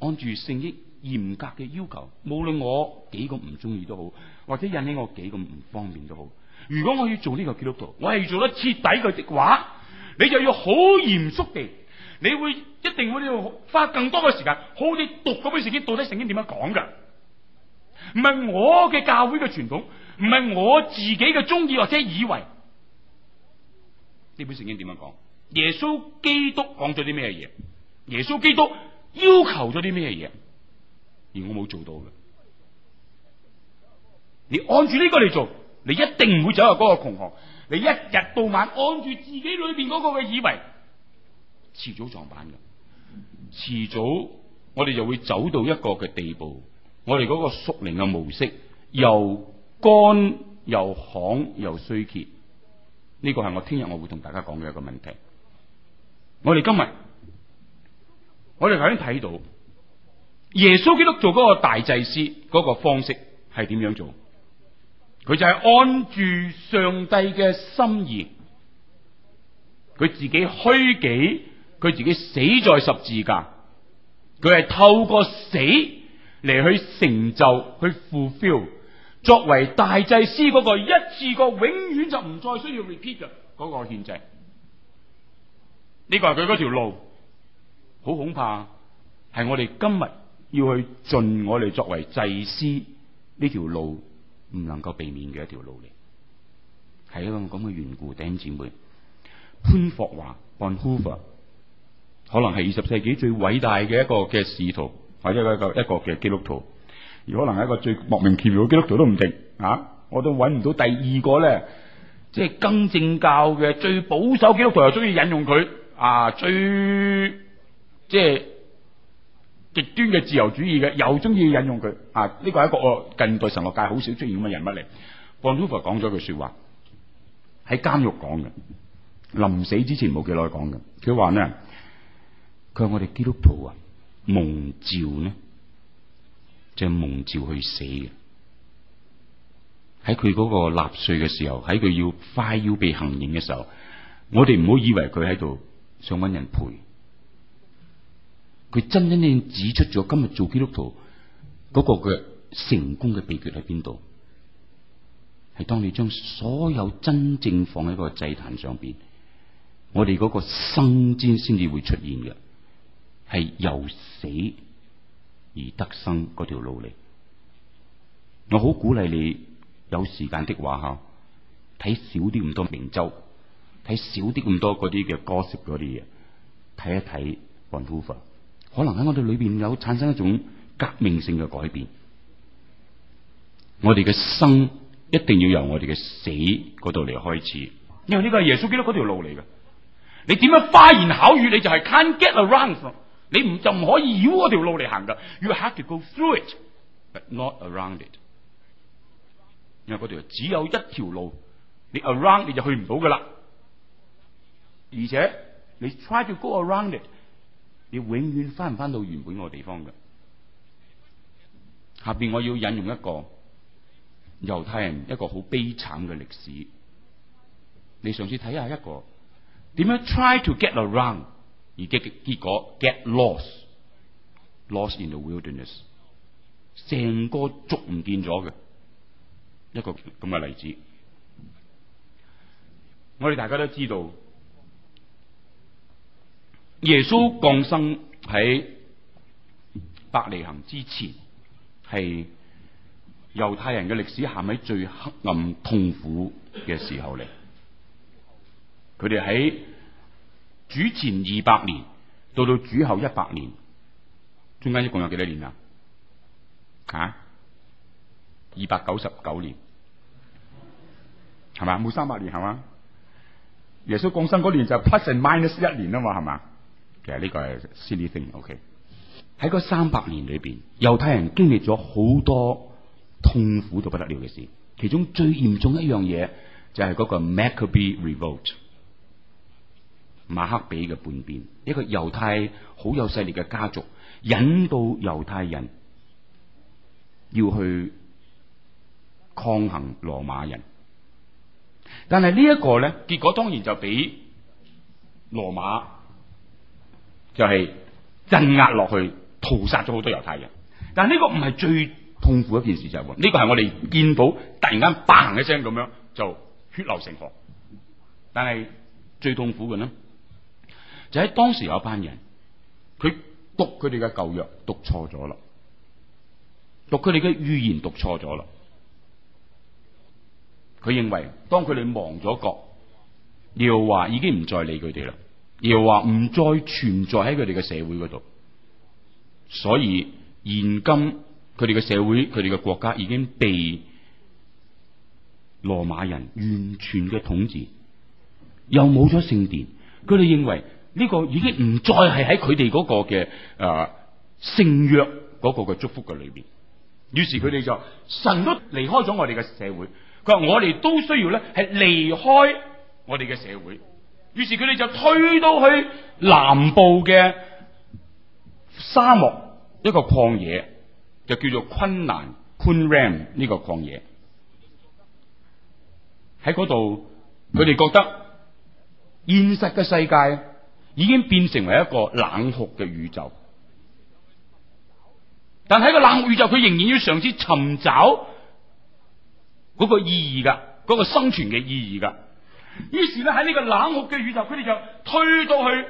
[SPEAKER 1] 按住聖經嚴格嘅要求，無論我幾個唔中意都好，或者引起我幾個唔方便都好。如果我要做呢個基督徒，我係做得徹底嘅話，你就要好嚴肅地。你會一定會花更多嘅時間，好似讀嗰本聖經，到底聖經點樣講嘅？唔係我嘅教會嘅傳統，唔係我自己嘅中意或者以為，呢本聖經點樣講？耶穌基督講咗啲咩嘢？耶穌基督要求咗啲咩嘢？而我冇做到嘅，你按住呢個嚟做，你一定唔會走入嗰個窮巷。你一日到晚按住自己裏邊嗰個嘅以為。遲早撞板嘅，遲早我哋就會走到一個嘅地步，我哋嗰個屬靈嘅模式又乾又旱又衰竭，呢、這個係我聽日我會同大家講嘅一個問題。我哋今日我哋頭先睇到耶穌基督做嗰個大祭司嗰、那個方式係點樣做？佢就係按住上帝嘅心意，佢自己虛己。佢自己死在十字架，佢係透過死嚟去成就，去 fulfill 作為大祭司嗰個一次過永遠就唔再需要 repeat 嘅嗰個獻祭。呢個係佢嗰條路，好恐怕係我哋今日要去盡我哋作為祭司呢條路，唔能夠避免嘅一條路嚟，係一個咁嘅緣故，弟兄姊妹。潘霍華 Bonhoeffer 可能係二十世紀最偉大嘅一個嘅使徒，或者一個一個嘅基督徒，而可能係一個最莫名其妙嘅基督徒都唔定，啊、我都揾唔到第二個咧，即、就、係、是、更正教嘅最保守基督徒又中意引用佢啊，最即係、就是、極端嘅自由主義嘅又中意引用佢啊！呢、這個係一個我近代神學界好少出現嘅人物嚟。王 e r 講咗句説話，喺監獄講嘅，臨死之前冇幾耐講嘅，佢話咧。佢係我哋基督徒啊，蒙召呢，就係、是、蒙召去死嘅。喺佢嗰個納稅嘅時候，喺佢要快要被行刑嘅時候，我哋唔好以為佢喺度想搵人陪。佢真真正指出咗今日做基督徒嗰、那個嘅成功嘅秘訣喺邊度？係當你將所有真正放喺個祭壇上邊，我哋嗰個生煎先至會出現嘅。係由死而得生嗰條路嚟，我好鼓勵你有時間的話吓睇少啲咁多名著，睇少啲咁多嗰啲嘅歌式嗰啲嘢，睇一睇《One Hoover》可能喺我哋裏邊有產生一種革命性嘅改變。我哋嘅生一定要由我哋嘅死嗰度嚟開始，因為呢個係耶穌基督嗰條路嚟嘅。你點樣花言巧語，你就係 can't get around。你唔就唔可以繞嗰條路嚟行噶，You have to go through it，but not around it。因為嗰條路只有一條路，你 around 你就去唔到噶啦。而且你 try to go around it，你永遠翻唔翻到原本嗰個地方㗎。下邊我要引用一個猶太人一個好悲慘嘅歷史。你上次睇下一個點樣 try to get around？而結結果 get lost，lost lost in the wilderness，成個捉唔見咗嘅一個咁嘅例子。我哋大家都知道，耶穌降生喺伯利恆之前，係猶太人嘅歷史行喺最黑暗痛苦嘅時候嚟，佢哋喺主前二百年到到主後一百年，中間一共有幾多年啊？啊，二百九十九年，係嘛？冇三百年係嘛？耶穌降生嗰年就是 plus and minus 一年啦嘛，係嘛？其實呢個係、okay、second thing，ok。喺嗰三百年裏邊，猶太人經歷咗好多痛苦到不得了嘅事，其中最嚴重一樣嘢就係嗰個 Maccabee revolt。馬克比嘅叛變，一個猶太好有勢力嘅家族，引導猶太人要去抗衡羅馬人。但係呢一個咧，結果當然就俾羅馬就係鎮壓落去，屠殺咗好多猶太人。但係呢個唔係最痛苦的一件事就係，呢個係我哋見到突然間嘭一聲咁樣就血流成河。但係最痛苦嘅咧，就喺當時有一班人，佢讀佢哋嘅舊約讀錯咗啦，讀佢哋嘅語言讀錯咗啦。佢認為當佢哋忘咗國，耶和華已經唔再理佢哋啦，耶和華唔再存在喺佢哋嘅社會嗰度。所以現今佢哋嘅社會、佢哋嘅國家已經被羅馬人完全嘅統治，又冇咗聖殿。佢哋認為。呢個已經唔再係喺佢哋個嘅啊聖約個嘅祝福嘅裏邊，於是佢哋就神都離開咗我哋嘅社會。佢話我哋都需要咧係離開我哋嘅社會，於是佢哋就推到去南部嘅沙漠一個曠野，就叫做昆蘭 Qumran 呢個曠野，喺度佢哋覺得現實嘅世界。已經變成為一個冷酷嘅宇宙，但喺個冷酷宇宙，佢仍然要嘗試尋找嗰個意義噶，嗰、嗰個生存嘅意義噶。於是咧喺呢個冷酷嘅宇宙，佢哋就推到去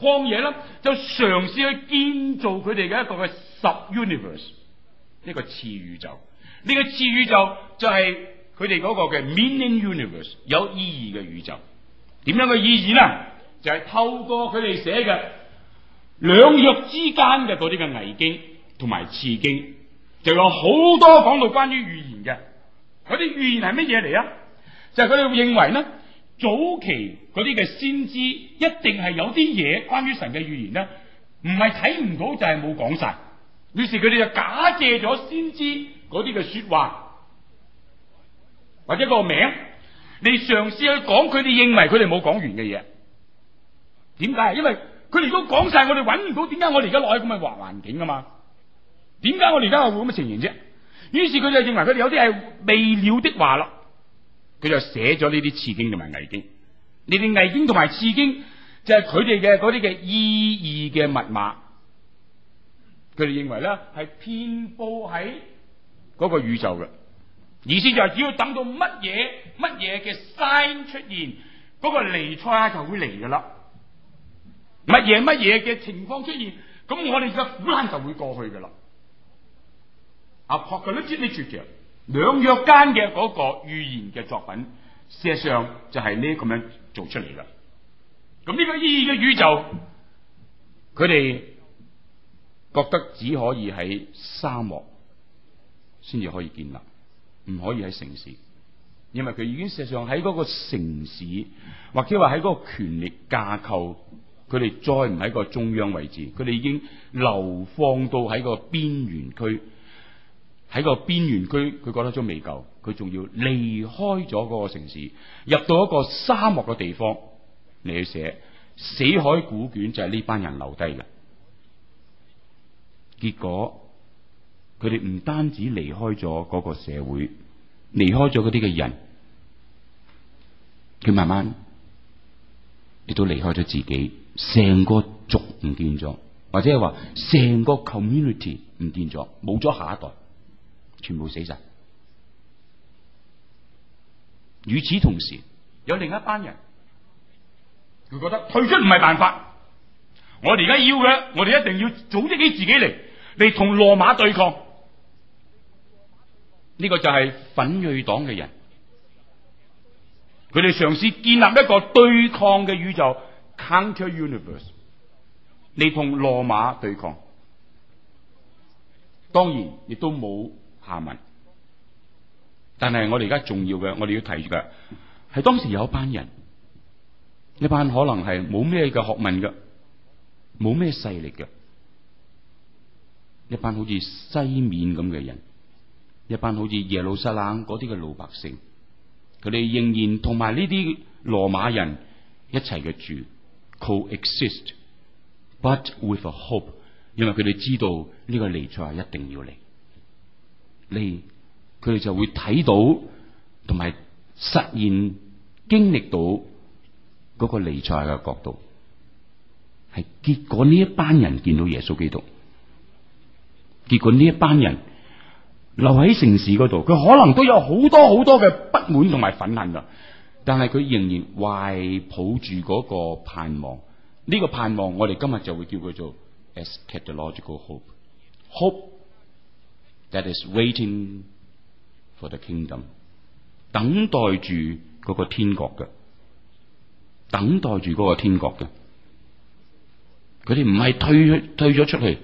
[SPEAKER 1] 曠野啦，就嘗試去建造佢哋嘅一個嘅 sub universe，一個次宇宙。呢、呢個次宇宙就係佢哋嗰個嘅 meaning universe，有意義嘅宇宙。點樣嘅意義咧？就係透過佢哋寫嘅兩約之間嘅嗰啲嘅危經同埋次經，就有好多講到關於預言嘅。嗰啲預言係乜嘢嚟啊？就係佢哋認為咧，早期嗰啲嘅先知一定係有啲嘢關於神嘅預言咧，唔係睇唔到就係冇講晒。於是佢哋就假借咗先知嗰啲嘅說話或者個名，嚟嘗試去講佢哋認為佢哋冇講完嘅嘢。點解啊？因為佢如果講晒，找不我哋搵唔到，點解我哋而家落去咁嘅環環境噶嘛？點解我哋而家會咁嘅情形啫？於是佢就認為佢哋有啲係未了的話啦，佢就寫咗呢啲次經同埋偽經。呢啲偽經同埋次經就係佢哋嘅嗰啲嘅意義嘅密碼。佢哋認為咧係遍佈喺嗰個宇宙嘅意思，就係只要等到乜嘢乜嘢嘅 sign 出現，嗰、那個彌賽亞就會嚟噶啦。乜嘢乜嘢嘅情況出現，咁我哋嘅苦難就會過去噶啦。阿柏嘅都知呢絕腳兩約間嘅嗰個預言嘅作品，事實上就係呢咁樣做出嚟啦。咁呢個意義嘅宇宙，佢哋覺得只可以喺沙漠先至可以建立，唔可以喺城市，因為佢已經事實上喺嗰個城市或者話喺嗰個權力架構。佢哋再唔喺個中央位置，佢哋已經流放到喺個邊緣區，喺個邊緣區，佢覺得都未夠，佢仲要離開咗嗰個城市，入到一個沙漠嘅地方嚟寫《死海古卷》，就係呢班人留低嘅。結果佢哋唔單止離開咗嗰個社會，離開咗嗰啲嘅人，佢慢慢亦都離開咗自己。成個族唔見咗，或者係話成個 community 唔見咗，冇咗下一代，全部死晒。與此同時，有另一班人，佢覺得退出唔係辦法，我哋而家要嘅，我哋一定要組織起自己嚟，嚟同羅馬對抗。呢個就係奮銳黨嘅人，佢哋嘗試建立一個對抗嘅宇宙。Counter universe，你同羅馬對抗，當然亦都冇下文。但係我哋而家重要嘅，我哋要提嘅係當時有一班人，一班可能係冇咩嘅學問嘅，冇咩勢力嘅，一班好似西面咁嘅人，一班好似耶路撒冷嗰啲嘅老百姓，佢哋仍然同埋呢啲羅馬人一齊嘅住。Coexist，but with a hope，因為佢哋知道呢個彌賽亞一定要嚟，嚟佢哋就會睇到同埋實現經歷到嗰個彌賽亞嘅角度，係結果呢一班人見到耶穌基督，結果呢一班人留喺城市嗰度，佢可能都有好多好多嘅不滿同埋憤恨㗎。但係佢仍然懷抱住嗰個盼望，呢、這個盼望我哋今日就會叫佢做 eschatological hope，hope that is waiting for the kingdom，等待住嗰個天國嘅，等待住嗰個天國嘅。佢哋唔係退退咗出去，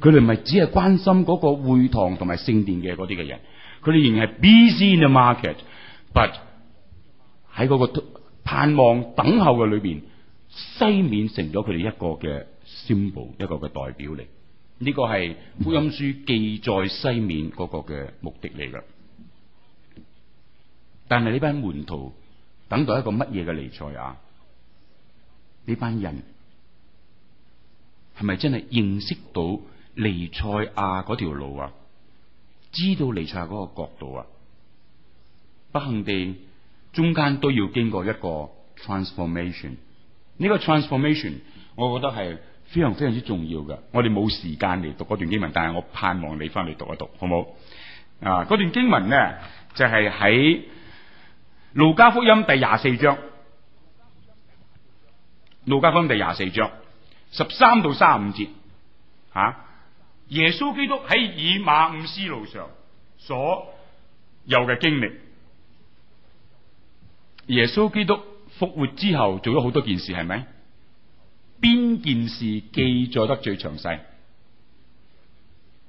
[SPEAKER 1] 佢哋唔係只係關心嗰個會堂同埋聖殿嘅嗰啲嘅人，佢哋仍然係 busy in the market，but 喺嗰個盼望等候嘅裏邊，西面成咗佢哋一個嘅 symbol，一個嘅代表嚟。呢個係福音書記載西面嗰個嘅目的嚟噶。但係呢班門徒等待一個乜嘢嘅尼賽亞？呢班人係咪真係認識到尼賽亞嗰條路啊？知道尼賽亞嗰個角度啊？不幸地。中間都要經過一個 transformation，呢個 transformation，我覺得係非常非常之重要嘅。我哋冇時間嚟讀嗰段經文，但係我盼望你翻嚟讀一讀，好唔好？啊，嗰段經文咧就係喺路加福音第廿四章，路加福音第廿四章十三到三五節，吓、啊、耶穌基督喺以馬忤斯路上所有嘅經歷。耶穌基督復活之後做咗好多件事，係咪？邊件事記載得最詳細？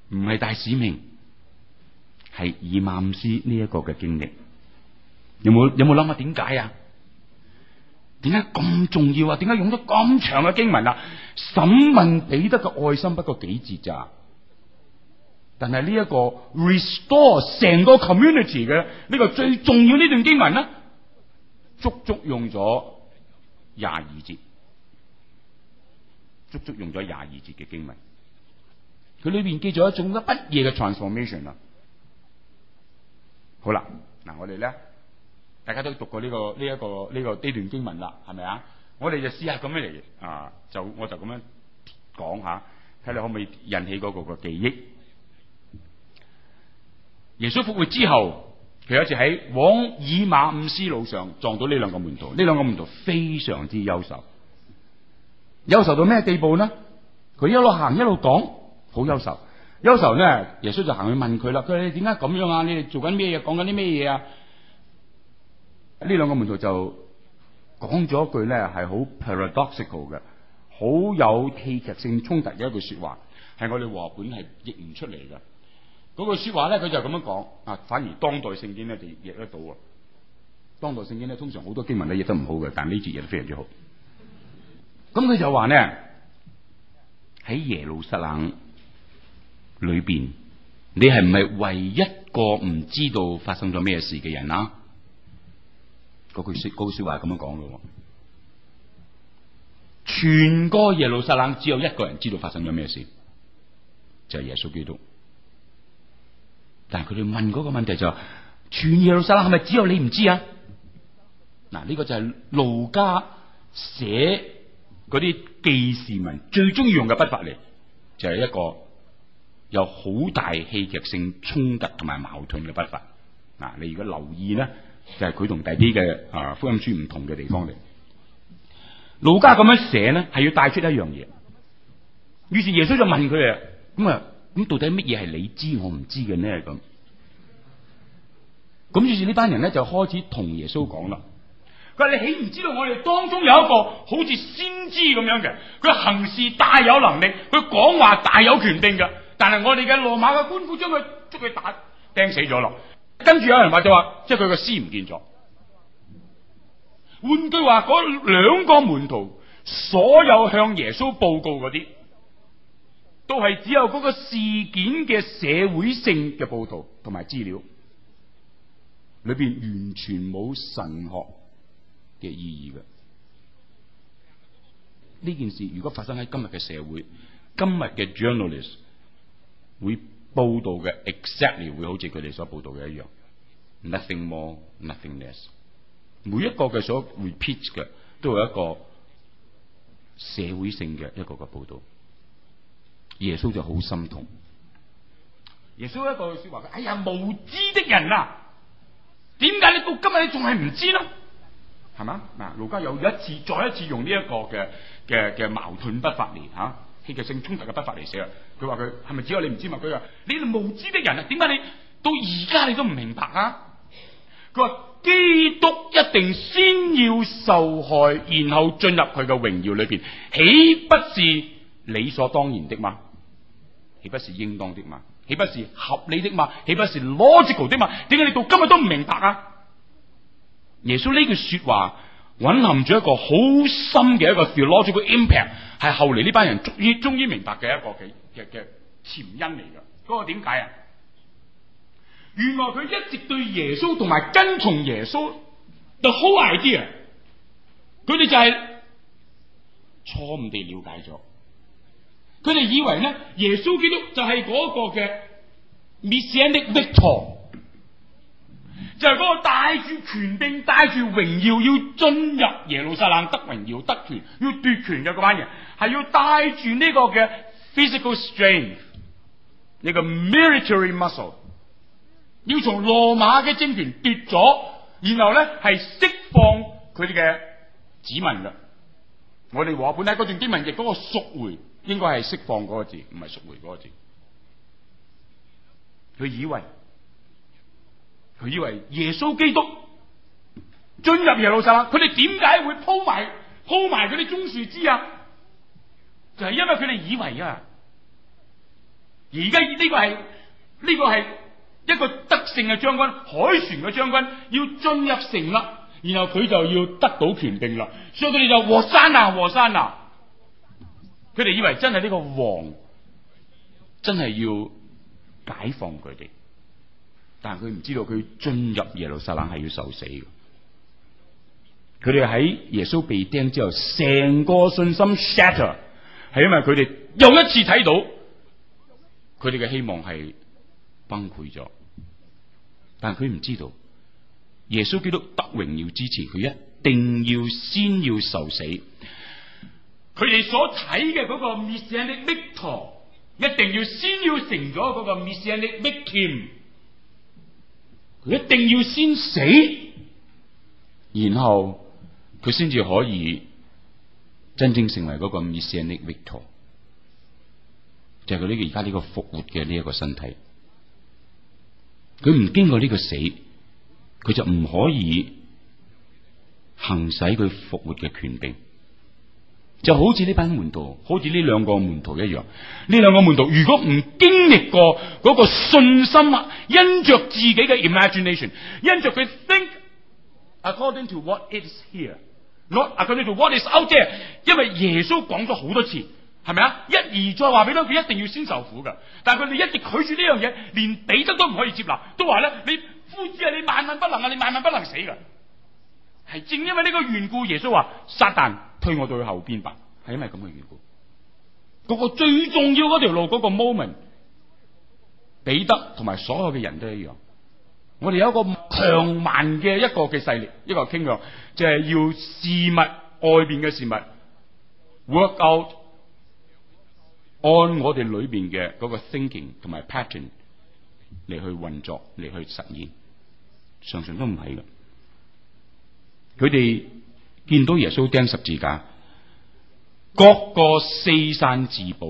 [SPEAKER 1] 唔係大使命，係以馬忤斯呢一個嘅經歷。有冇有冇諗下點解啊？點解咁重要啊？點解用咗咁長嘅經文啊？審問彼得嘅愛心不過幾節咋？但係呢一個 restore 成個 community 嘅呢個最重要呢段經文啦。足足用咗廿二節，足足用咗廿二節嘅經文，佢裏邊記咗一種乜乜嘢嘅 transformation 啦。好啦，嗱我哋咧，大家都讀過呢、呢個呢一、呢個呢、呢個呢、呢個、段經文啦，係咪啊？我哋就試下咁樣嚟啊，就我就咁樣講下，睇你可唔可以引起嗰、嗰個、嗰個嗰個記憶。耶穌復活之後。佢有一次喺往以馬忤斯路上撞到呢兩個門徒，呢兩個門徒非常之憂愁，憂愁到咩地步呢？佢一路行一路講，好憂愁，憂愁咧，耶穌就行去問佢啦。佢話：你點解咁樣啊？你哋做緊咩嘢？講緊啲咩嘢啊？呢兩個門徒就講咗一句咧，係好 paradoxical 嘅，好有戲劇性衝突嘅一句說話，係我哋和本係譯唔出嚟嘅。嗰句說話咧，佢就係咁樣講啊！反而當代聖經咧，就譯得到。當代聖經咧，通常好多經文都譯得唔好嘅，但呢節譯得非常之好。咁佢就話咧：喺耶路撒冷裏邊，你係唔係唯一一個唔知道發生咗咩事嘅人啊？嗰句說高說話係咁樣講嘅，全個耶路撒冷只有一個人知道發生咗咩事，就係耶穌基督。但係佢哋問嗰個問題就話、是、全耶路撒冷係咪只有你唔知啊？嗱、這、呢個就係路加寫嗰啲記事文最中意用嘅筆法嚟，就係、是、一個有好大戲劇性衝突同埋矛盾嘅筆法。嗱、啊，你如果留意咧，就係佢同第啲嘅啊福音書唔同嘅地方嚟。路加咁樣寫咧，係要帶出一樣嘢。於是耶穌就問佢哋咁啊。咁到底乜嘢係你知我唔知嘅呢？咁咁於是呢班人咧就開始同耶穌講啦。佢話你豈唔知道我哋當中有一個好似先知咁樣嘅，佢行事大有能力，佢講話大有權定嘅，但係我哋嘅羅馬嘅官府將佢捉佢打，釘死咗咯。跟住有人話就話、是，即係佢個屍唔見咗。換句話，嗰兩個門徒，所有向耶穌報告嗰啲。都係只有嗰個事件嘅社會性嘅報道同埋資料，裏邊完全冇神學嘅意義嘅。呢件事如果發生喺今日嘅社會，今日嘅 journalist 會報道嘅 exactly 會好似佢哋所報道嘅一樣，nothing more，nothing less。每一個嘅所 repeat 嘅都有一個社會性嘅一個嘅報道。耶穌就好心痛。耶穌一句說話：佢哎呀，無知的人啊，點解你到今日你仲係唔知咯？係嘛？嗱，路加有一次再一次用呢、這、一個嘅嘅嘅矛盾不法嚟吓戲劇性衝突嘅不法嚟寫啊。佢話佢係咪只有你唔知嘛？佢話你哋無知的人啊，點解你到而家你都唔明白啊？佢話基督一定先要受害，然後進入佢嘅榮耀裏邊，豈不是理所當然的嘛？豈不是應當的嘛？豈不是合理的嘛？豈不是 logical 的嘛？點解你到今日都唔明白啊？耶穌呢句說話蘊含住一個好深嘅一個 logical impact，係後嚟呢班人終於終於明白嘅一個嘅嘅嘅潛因嚟嘅。嗰、嗰個點解啊？原來佢一直對耶穌同埋跟從耶穌，the whole idea, 他們就好 idea，佢哋就係錯誤地了解咗。佢哋以為咧，耶穌基督就係嗰個嘅滅世的逆，就係嗰個帶住權柄帶住榮耀要進入耶路撒冷得榮耀得權要奪權嘅班人，係要帶住呢個嘅 physical strength，呢個 military muscle，要從羅馬嘅政權奪咗，然後咧係釋放佢哋嘅子民啦。我哋話本喺嗰段經文亦嗰個贖回。應該係釋放嗰個字，唔係贖回嗰個字。佢以為，佢以為耶穌基督進入耶路撒冷，佢哋點解會鋪埋鋪埋啲棕樹枝啊？就係、是、因為佢哋以為啊！而家呢個係呢、呢個係一個得勝嘅將軍，凱旋嘅將軍要進入城啦，然後佢就要得到權柄啦，所以佢哋就和山啊，和山啊！佢哋以為真係呢個王真係要解放佢哋，但係佢唔知道佢進入耶路撒冷係要受死嘅。佢哋喺耶穌被釘之後，成個信心 shatter，係因為佢哋又一次睇到佢哋嘅希望係崩潰咗。但係佢唔知道耶穌基督得榮耀之前，佢一定要先要受死。佢哋所睇嘅嗰個 Mr. n i c h o l 一定要先要成咗嗰個 Mr. i c h i c a i him，佢一定要先死，然後佢先至可以真正成為嗰個 Mr. n i c i o l a s 就係佢呢個而家呢個復活嘅呢一個身體。佢唔經過呢個死，佢就唔可以行使佢復活嘅權柄。就好似呢班門徒，好似呢兩個門徒一樣。呢兩個門徒如果唔經歷過嗰個信心啊，因着自己嘅 imagination，因着佢 think according to what is here，not according to what is out there, 因為耶穌講咗好多次，係咪啊？一而再話俾佢，佢一定要先受苦噶。但係佢哋一直拒絕呢樣嘢，連彼得都唔可以接納，都話咧：你夫子呀，你萬萬不能啊，你萬萬不能死噶。係正因為呢個緣故，耶穌話撒旦。」推我到去後邊吧，係因為咁嘅緣故。嗰、嗰個最重要嗰條路，嗰個 moment，彼得同埋所有嘅人都一樣。我哋有一個強慢嘅一個嘅勢力，一個傾向，就係、是、要事物外邊嘅事物 work out，按我哋裏邊嘅個 thinking 同埋 pattern 嚟去運作，嚟去實現，常常都唔係噶。佢哋。見到耶穌釘十字架，各個四散自保，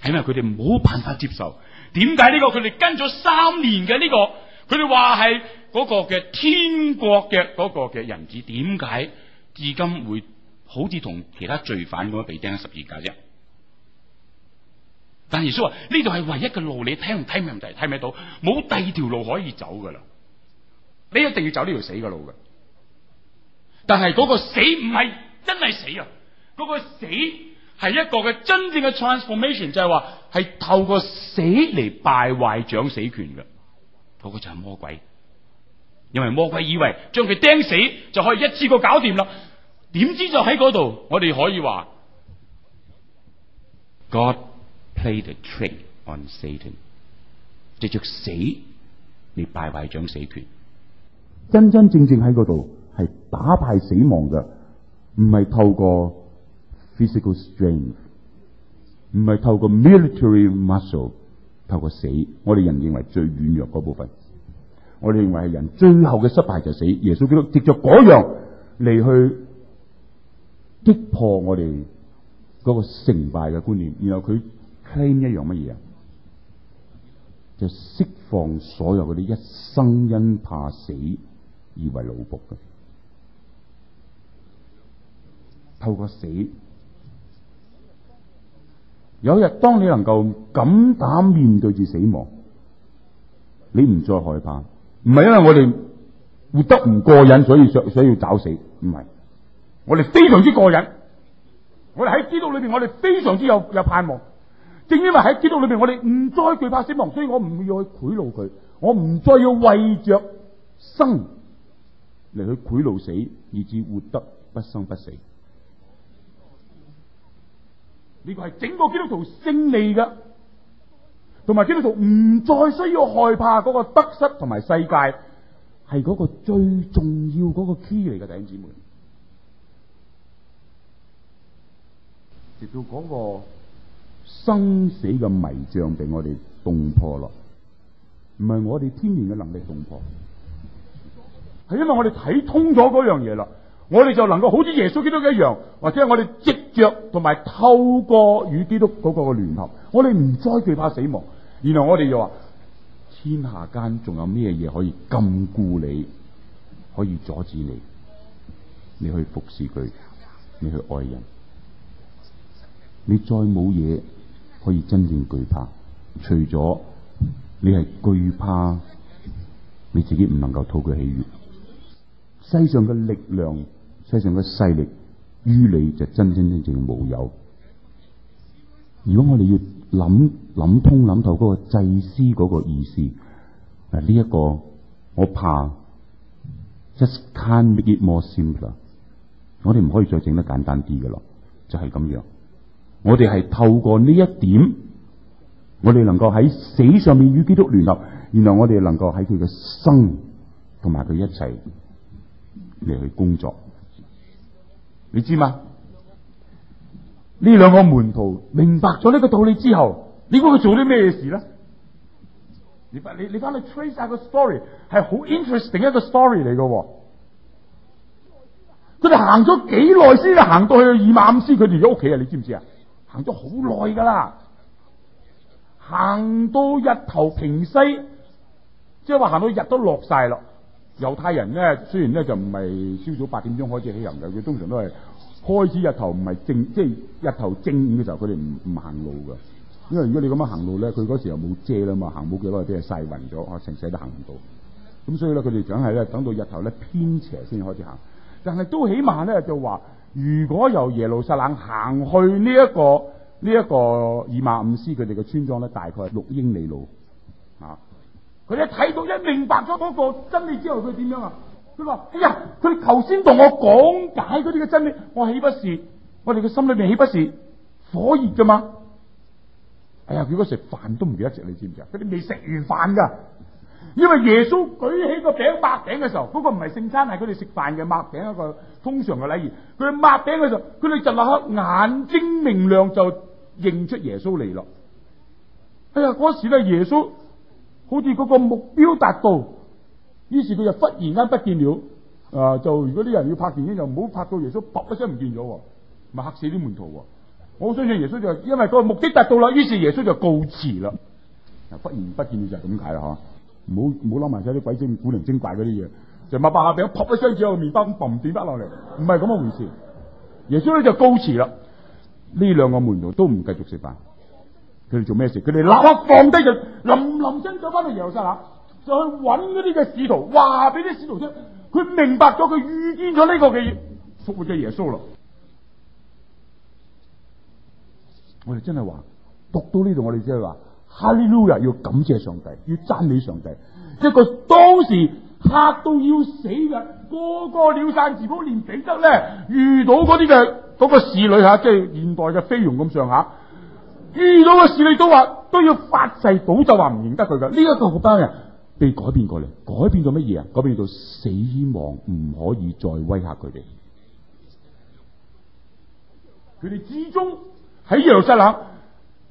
[SPEAKER 1] 係因為佢哋冇辦法接受。點解呢個佢哋跟咗三年嘅呢個？佢哋話係嗰個嘅天國嘅嗰個嘅人子，點解至今會好似同其他罪犯咁樣被釘十字架啫？但耶穌話呢度係唯一嘅路，你睇，唔睇唔明就係睇唔到，冇第二條路可以走噶啦。你一定要走呢條死嘅路噶。但係嗰個死唔係真係死啊！嗰、那個死係一個嘅真正嘅 transformation，就係話係透過死嚟敗壞掌死權嘅，嗰、那個就係魔鬼。因為魔鬼以為將佢釘死就可以一次過搞掂啦，點知就喺嗰度，我哋可以話 God played a trick on Satan，藉着死嚟敗壞掌死權，真真正正喺嗰度。係打敗死亡嘅，唔係透過 physical strength，唔係透過 military muscle，透過死，我哋人認為最軟弱的部分，我哋認為係人最後嘅失敗就是死。耶穌基督藉著嗰樣嚟去擊破我哋個成敗嘅觀念，然後佢 claim 一樣乜嘢啊？就釋放所有嗰啲一生因怕死而為奴僕嘅。透過死，有一日當你能夠敢膽面對住死亡，你唔再害怕。唔係因為我哋活得唔過癮，所以想所以要找死。唔係我哋非常之過癮，我哋喺基督裏邊，我哋非常之有有盼望。正因為喺基督裏邊，我哋唔再懼怕死亡，所以我唔會要去賄賂佢，我唔再要為着生嚟去賄賂死，以至活得不生不死。呢個係整個基督徒勝利嘅，同埋基督徒唔再需要害怕嗰個得失同埋世界，係個最重要嗰個 key 嚟嘅，弟兄姊妹。直到嗰個生死嘅迷障被我哋洞破咯，唔係我哋天然嘅能力洞破，係因為我哋睇通咗樣嘢啦。我哋就能夠好似耶穌基督一樣，或者我哋藉着，同埋透過與基督嗰個嘅聯合，我哋唔再懼怕死亡。然後我哋又話，天下間仲有咩嘢可以禁錮你，可以阻止你，你去服侍佢，你去愛人，你再冇嘢可以真正懼怕，除咗你係懼怕你自己唔能夠討佢喜悦，世上嘅力量。世上個勢力於你就真真正正冇有。如果我哋要諗諗通諗透個祭司嗰個意思，嗱呢一個我怕，just can't make it more simpler。我哋唔可以再整得簡單啲嘅咯，就係、是、咁樣。我哋係透過呢一點，我哋能夠喺死上面與基督聯合，然後我哋能夠喺佢嘅生同埋佢一齊嚟去工作。你知嗎？呢兩個門徒明白咗呢個道理之後，你估佢做啲咩事咧？你返你你翻去 trace 下個 story，係好 interesting 一個 story 嚟喎。佢哋行咗幾耐先至行到去二萬五，先佢哋嘅屋企啊！你知唔知啊？行咗好耐噶啦，行到日頭平西，即係話行到日都落晒喇。猶太人咧，雖然咧就唔係朝早八點鐘開始起行嘅，佢通常都係開始日頭唔係正，即係日頭正午嘅時候，佢哋唔唔行路㗎！因為如果你咁樣行路咧，佢嗰時候又冇遮啦嘛，行冇幾耐，俾人曬暈咗，啊成世都行唔到。咁所以咧，佢哋想係咧等到日頭咧偏斜先開始行。但係都起碼咧就話，如果由耶路撒冷行去呢一個呢一個以馬忤斯佢哋嘅村莊咧，大概係六英里路啊。佢一睇到一明白咗嗰個真理之後，佢點樣啊？佢話：哎呀，佢哋頭先同我講解嗰啲嘅真理，我豈不是我哋嘅心裏面豈不是火熱噶嘛？哎呀，如果食飯都唔記得食，你知唔知啊？佢哋未食完飯噶，因為耶穌舉起個餅擘餅嘅時候，嗰個唔係聖餐，係佢哋食飯嘅擘餅一個通常嘅禮儀。佢哋擘餅嘅時候，佢哋就立刻眼睛明亮就認出耶穌嚟咯。哎呀，嗰時咧耶穌。好似嗰個目標達到，於是佢就忽然間不見了。啊、呃，就如果啲人要拍電影，就唔好拍到耶穌聲，扑一聲唔見咗，咪吓死啲門徒。我相信耶穌就因為個目的達到啦，於是耶穌就告辭啦。嗱，忽然不見了就係咁解啦，吓！唔好唔好諗埋晒啲鬼精古靈精怪嗰啲嘢，就擘下餅，扑一聲之後個麵包咁嘭斷翻落嚟，唔係咁嘅回事。耶穌咧就告辭啦，呢兩個門徒都唔繼續食飯。佢哋做咩事？佢哋立刻放低佢，林林聲咗翻去耶路撒冷，就去揾嗰啲嘅使徒，話俾啲使徒聽，佢明白咗，佢遇見咗呢個嘅復活嘅耶穌咯。我哋真係話讀到呢度，我哋真係話哈利路亞，要感謝上帝，要讚美上帝。一個當時嚇到要死嘅，個個了散自保連彼得咧，遇到嗰啲嘅嗰個侍女吓，即係現代嘅菲傭咁上下。遇到嘅事，你都話都要發誓保證話唔認得佢噶。呢一個班人被改變過嚟，改變咗乜嘢啊？改變到死亡唔可以再威嚇佢哋，佢哋始終喺耶路撒冷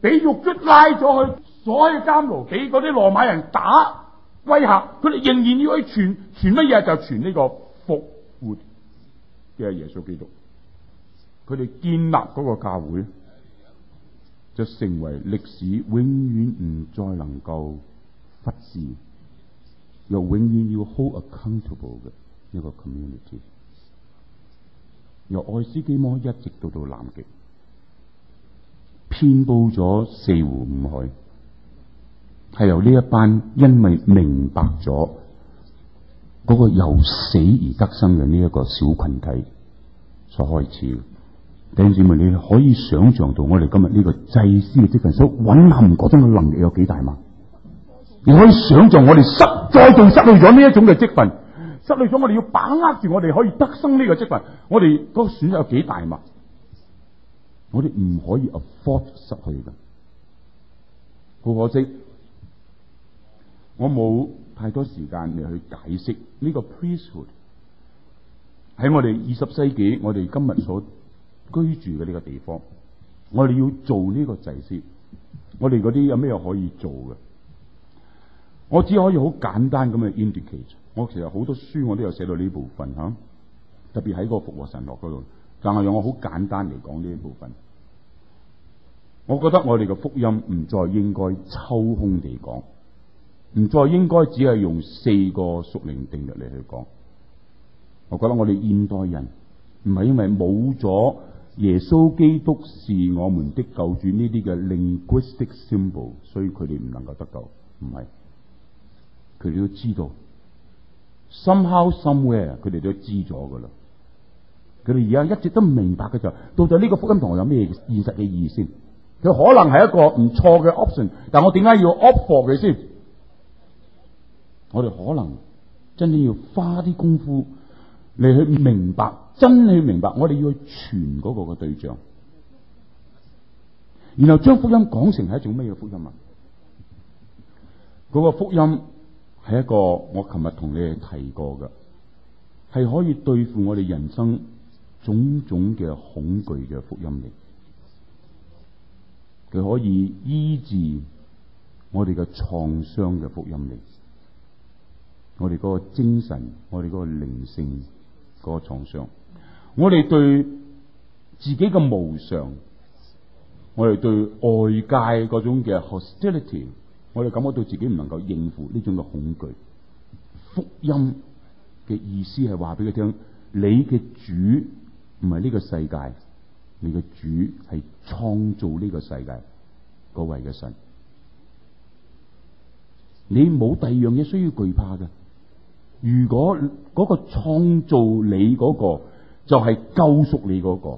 [SPEAKER 1] 俾獄卒拉咗去所有監牢，俾嗰啲羅馬人打威嚇，佢哋仍然要去傳，傳乜嘢？就傳呢個復活嘅耶穌基督，佢哋建立嗰個教會，就成為歷史，永遠唔再能夠忽視，又永遠要 hold accountable 嘅一個 community，由愛斯基摩一直到到南極，遍佈咗四湖五海，係由呢一班因為明白咗嗰個由死而得生嘅呢一個小群體所開始。弟兄姊妹，你可以想象到我哋今日呢個祭司嘅積份所蘊含嗰種嘅能力有幾大嘛？你可以想象我哋失再仲失去咗呢一種嘅積份，失去咗我哋要把握住我哋可以得生呢個積份，我哋個損失有幾大嘛？我哋唔可以 afford 失去噶。好可惜，我冇太多時間嚟去解釋呢個 priesthood 喺我哋二十世紀，我哋今日所。居住嘅呢個地方，我哋要做呢個祭祀，我哋嗰啲有咩可以做嘅？我只可以好簡單咁去 indicate。我其實好多書我都有寫到呢部分吓，特別喺個復和神學嗰度，但係用我好簡單嚟講呢一部分。我覺得我哋嘅福音唔再應該抽空地講，唔再應該只係用四個屬靈定律嚟去講。我覺得我哋現代人唔係因為冇咗。耶穌基督是我們的救主，呢啲嘅 linguistic symbol，所以佢哋唔能夠得到。唔係，佢哋都知道，somehow somewhere，佢哋都知咗噶啦。佢哋而家一直都唔明白嘅就，到底呢個福音堂有咩現實嘅意義先？佢可能係一個唔錯嘅 option，但我點解要 opt for 佢先？我哋可能真真要花啲功夫嚟去明白。真係明白，我哋要去傳嗰個嘅對象，然後將福音講成係一種咩嘅福音啊？嗰個福音係一個我琴日同你哋提過嘅，係可以對付我哋人生種種嘅恐懼嘅福音嚟。佢可以醫治我哋嘅創傷嘅福音嚟，我哋個精神，我哋個靈性個創傷。我哋對自己嘅無常，我哋對外界嗰種嘅 hostility，我哋感覺到自己唔能夠應付呢種嘅恐懼。福音嘅意思係話俾佢聽：你嘅主唔係呢個世界，你嘅主係創造呢個世界。各位嘅神，你冇第二樣嘢需要懼怕嘅。如果嗰個創造你嗰個。就係救贖你嗰個，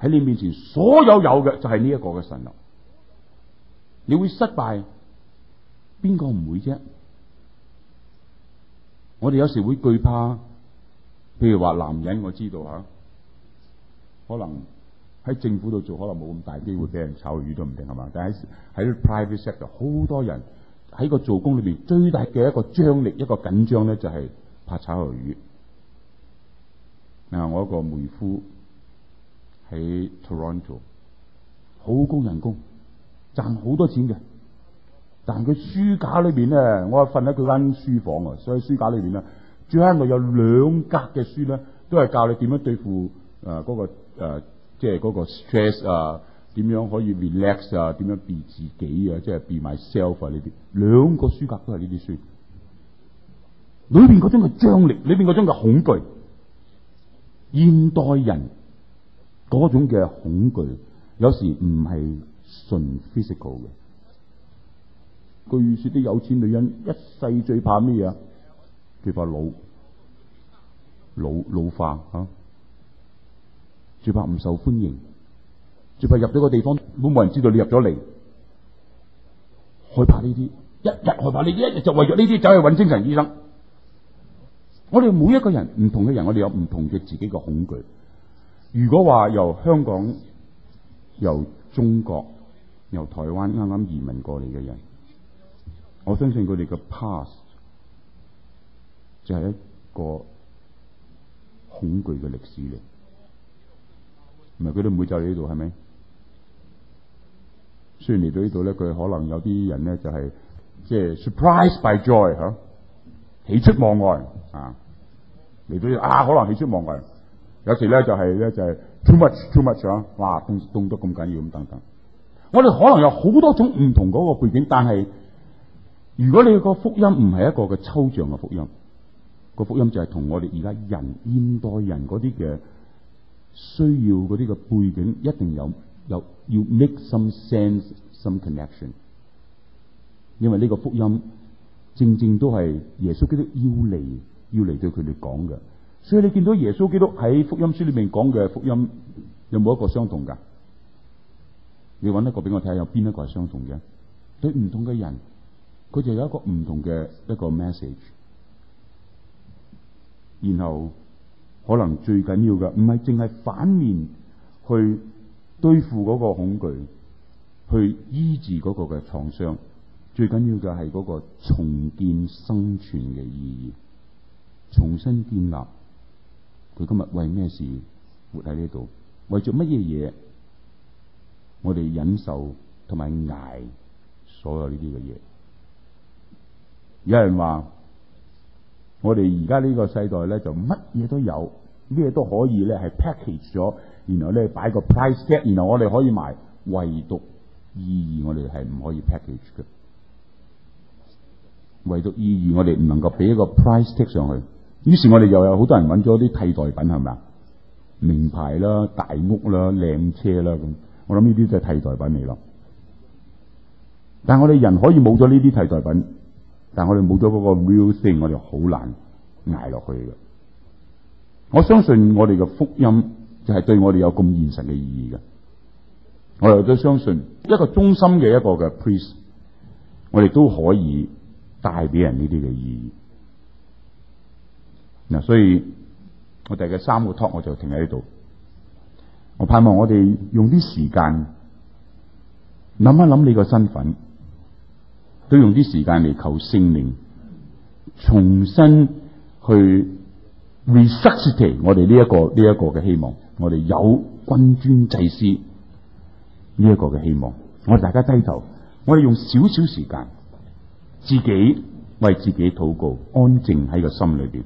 [SPEAKER 1] 喺你面前所有有嘅就係呢一個嘅神啊！你會失敗，邊個唔會啫？我哋有時會懼怕，譬如話，男人我知道可能喺政府度做，可能冇咁大機會俾人炒魷都唔定係嘛，但係喺 private sector 好多人喺個做工裏邊最大嘅一個張力、一個緊張咧，就係怕炒魷魚。嗱，我一個妹夫喺 Toronto，好高人工，賺好多錢嘅。但佢書架裏邊咧，我啊瞓喺佢間書房啊，所以書架裏邊咧，最屘度有兩格嘅書咧，都係教你點樣對付誒嗰個誒，即係個 stress 啊，點樣可以 relax 啊，點樣 be 自己啊，即係 be myself 啊，呢啲兩個書架都係呢啲書。裏邊嗰種係張力，裏邊嗰種嘅恐懼。現代人嗰種嘅恐懼，有時唔係純 physical 嘅。據說啲有錢女人一世最怕咩嘢？最怕老、老老化吓、啊，最怕唔受歡迎，最怕入到個地方冇冇人知道你入咗嚟，害怕呢啲，一日害怕呢啲，一日就為咗呢啲走去揾精神醫生。我哋每一個人唔同嘅人，我哋有唔同嘅自己嘅恐懼。如果話由香港，由中國，由台灣啱啱移民過嚟嘅人，我相信佢哋嘅 past 就係一個恐懼嘅歷史嚟，唔係佢都唔會走嚟呢度，係咪？雖然嚟到呢度咧，佢可能有啲人咧就係、是、即係、就是、surprise by joy 吓。喜出望外啊！嚟到啊，可能喜出望外。有時咧就係、是、咧就係、是、too much，too much 想 too much,、啊、哇，凍凍得咁緊要咁等等。我哋可能有好多種唔同個背景，但係如果你個福音唔係一個嘅抽象嘅福音，個福音就係同我哋而家人現代人啲嘅需要啲嘅背景一定有有要 make some sense，some connection，因為呢個福音，正正都係耶穌基督要嚟，要嚟對佢哋講嘅。所以你見到耶穌基督喺福音書裏面講嘅福音，有冇一個相同噶？你揾一個俾我睇下，有邊一個係相同嘅？對唔同嘅人，佢就有一個唔同嘅一個 message。然後可能最緊要嘅，唔係淨係反面去對付嗰個恐懼，去醫治嗰個嘅創傷。最緊要嘅係嗰個重建生存嘅意義，重新建立佢今日為咩事活喺呢度？為咗乜嘢嘢？我哋忍受同埋捱所有呢啲嘅嘢。有人話：我哋而家呢個世代咧，就乜嘢都有，咩都可以咧，係 package 咗，然後咧擺個 price set，然後我哋可以賣。唯獨意義，我哋係唔可以 package 嘅。為咗意義，我哋唔能夠俾一個 price tick 上去。於是我哋又有好多人揾咗啲替代品，係咪啊？名牌啦、大屋啦、靚車啦，咁我諗呢啲就係替代品嚟咯。但係我哋人可以冇咗呢啲替代品，但我哋冇咗嗰個 real thing，我哋好難挨落去嘅。我相信我哋嘅福音就係對我哋有咁現實嘅意義嘅。我哋都相信一個中心嘅一個嘅 price，我哋都可以。帶俾人呢啲嘅意義，嗱、啊，所以我哋嘅三個 talk 我就停喺呢度。我盼望我哋用啲時間諗一諗你個身份，都用啲時間嚟求聖靈，重新去 resuscitate 我哋呢一個呢一、這個嘅希望，我哋有君尊祭司呢一個嘅希望。我哋大家低頭，我哋用少少時間。自己為自己禱告，安靜喺個心裏邊。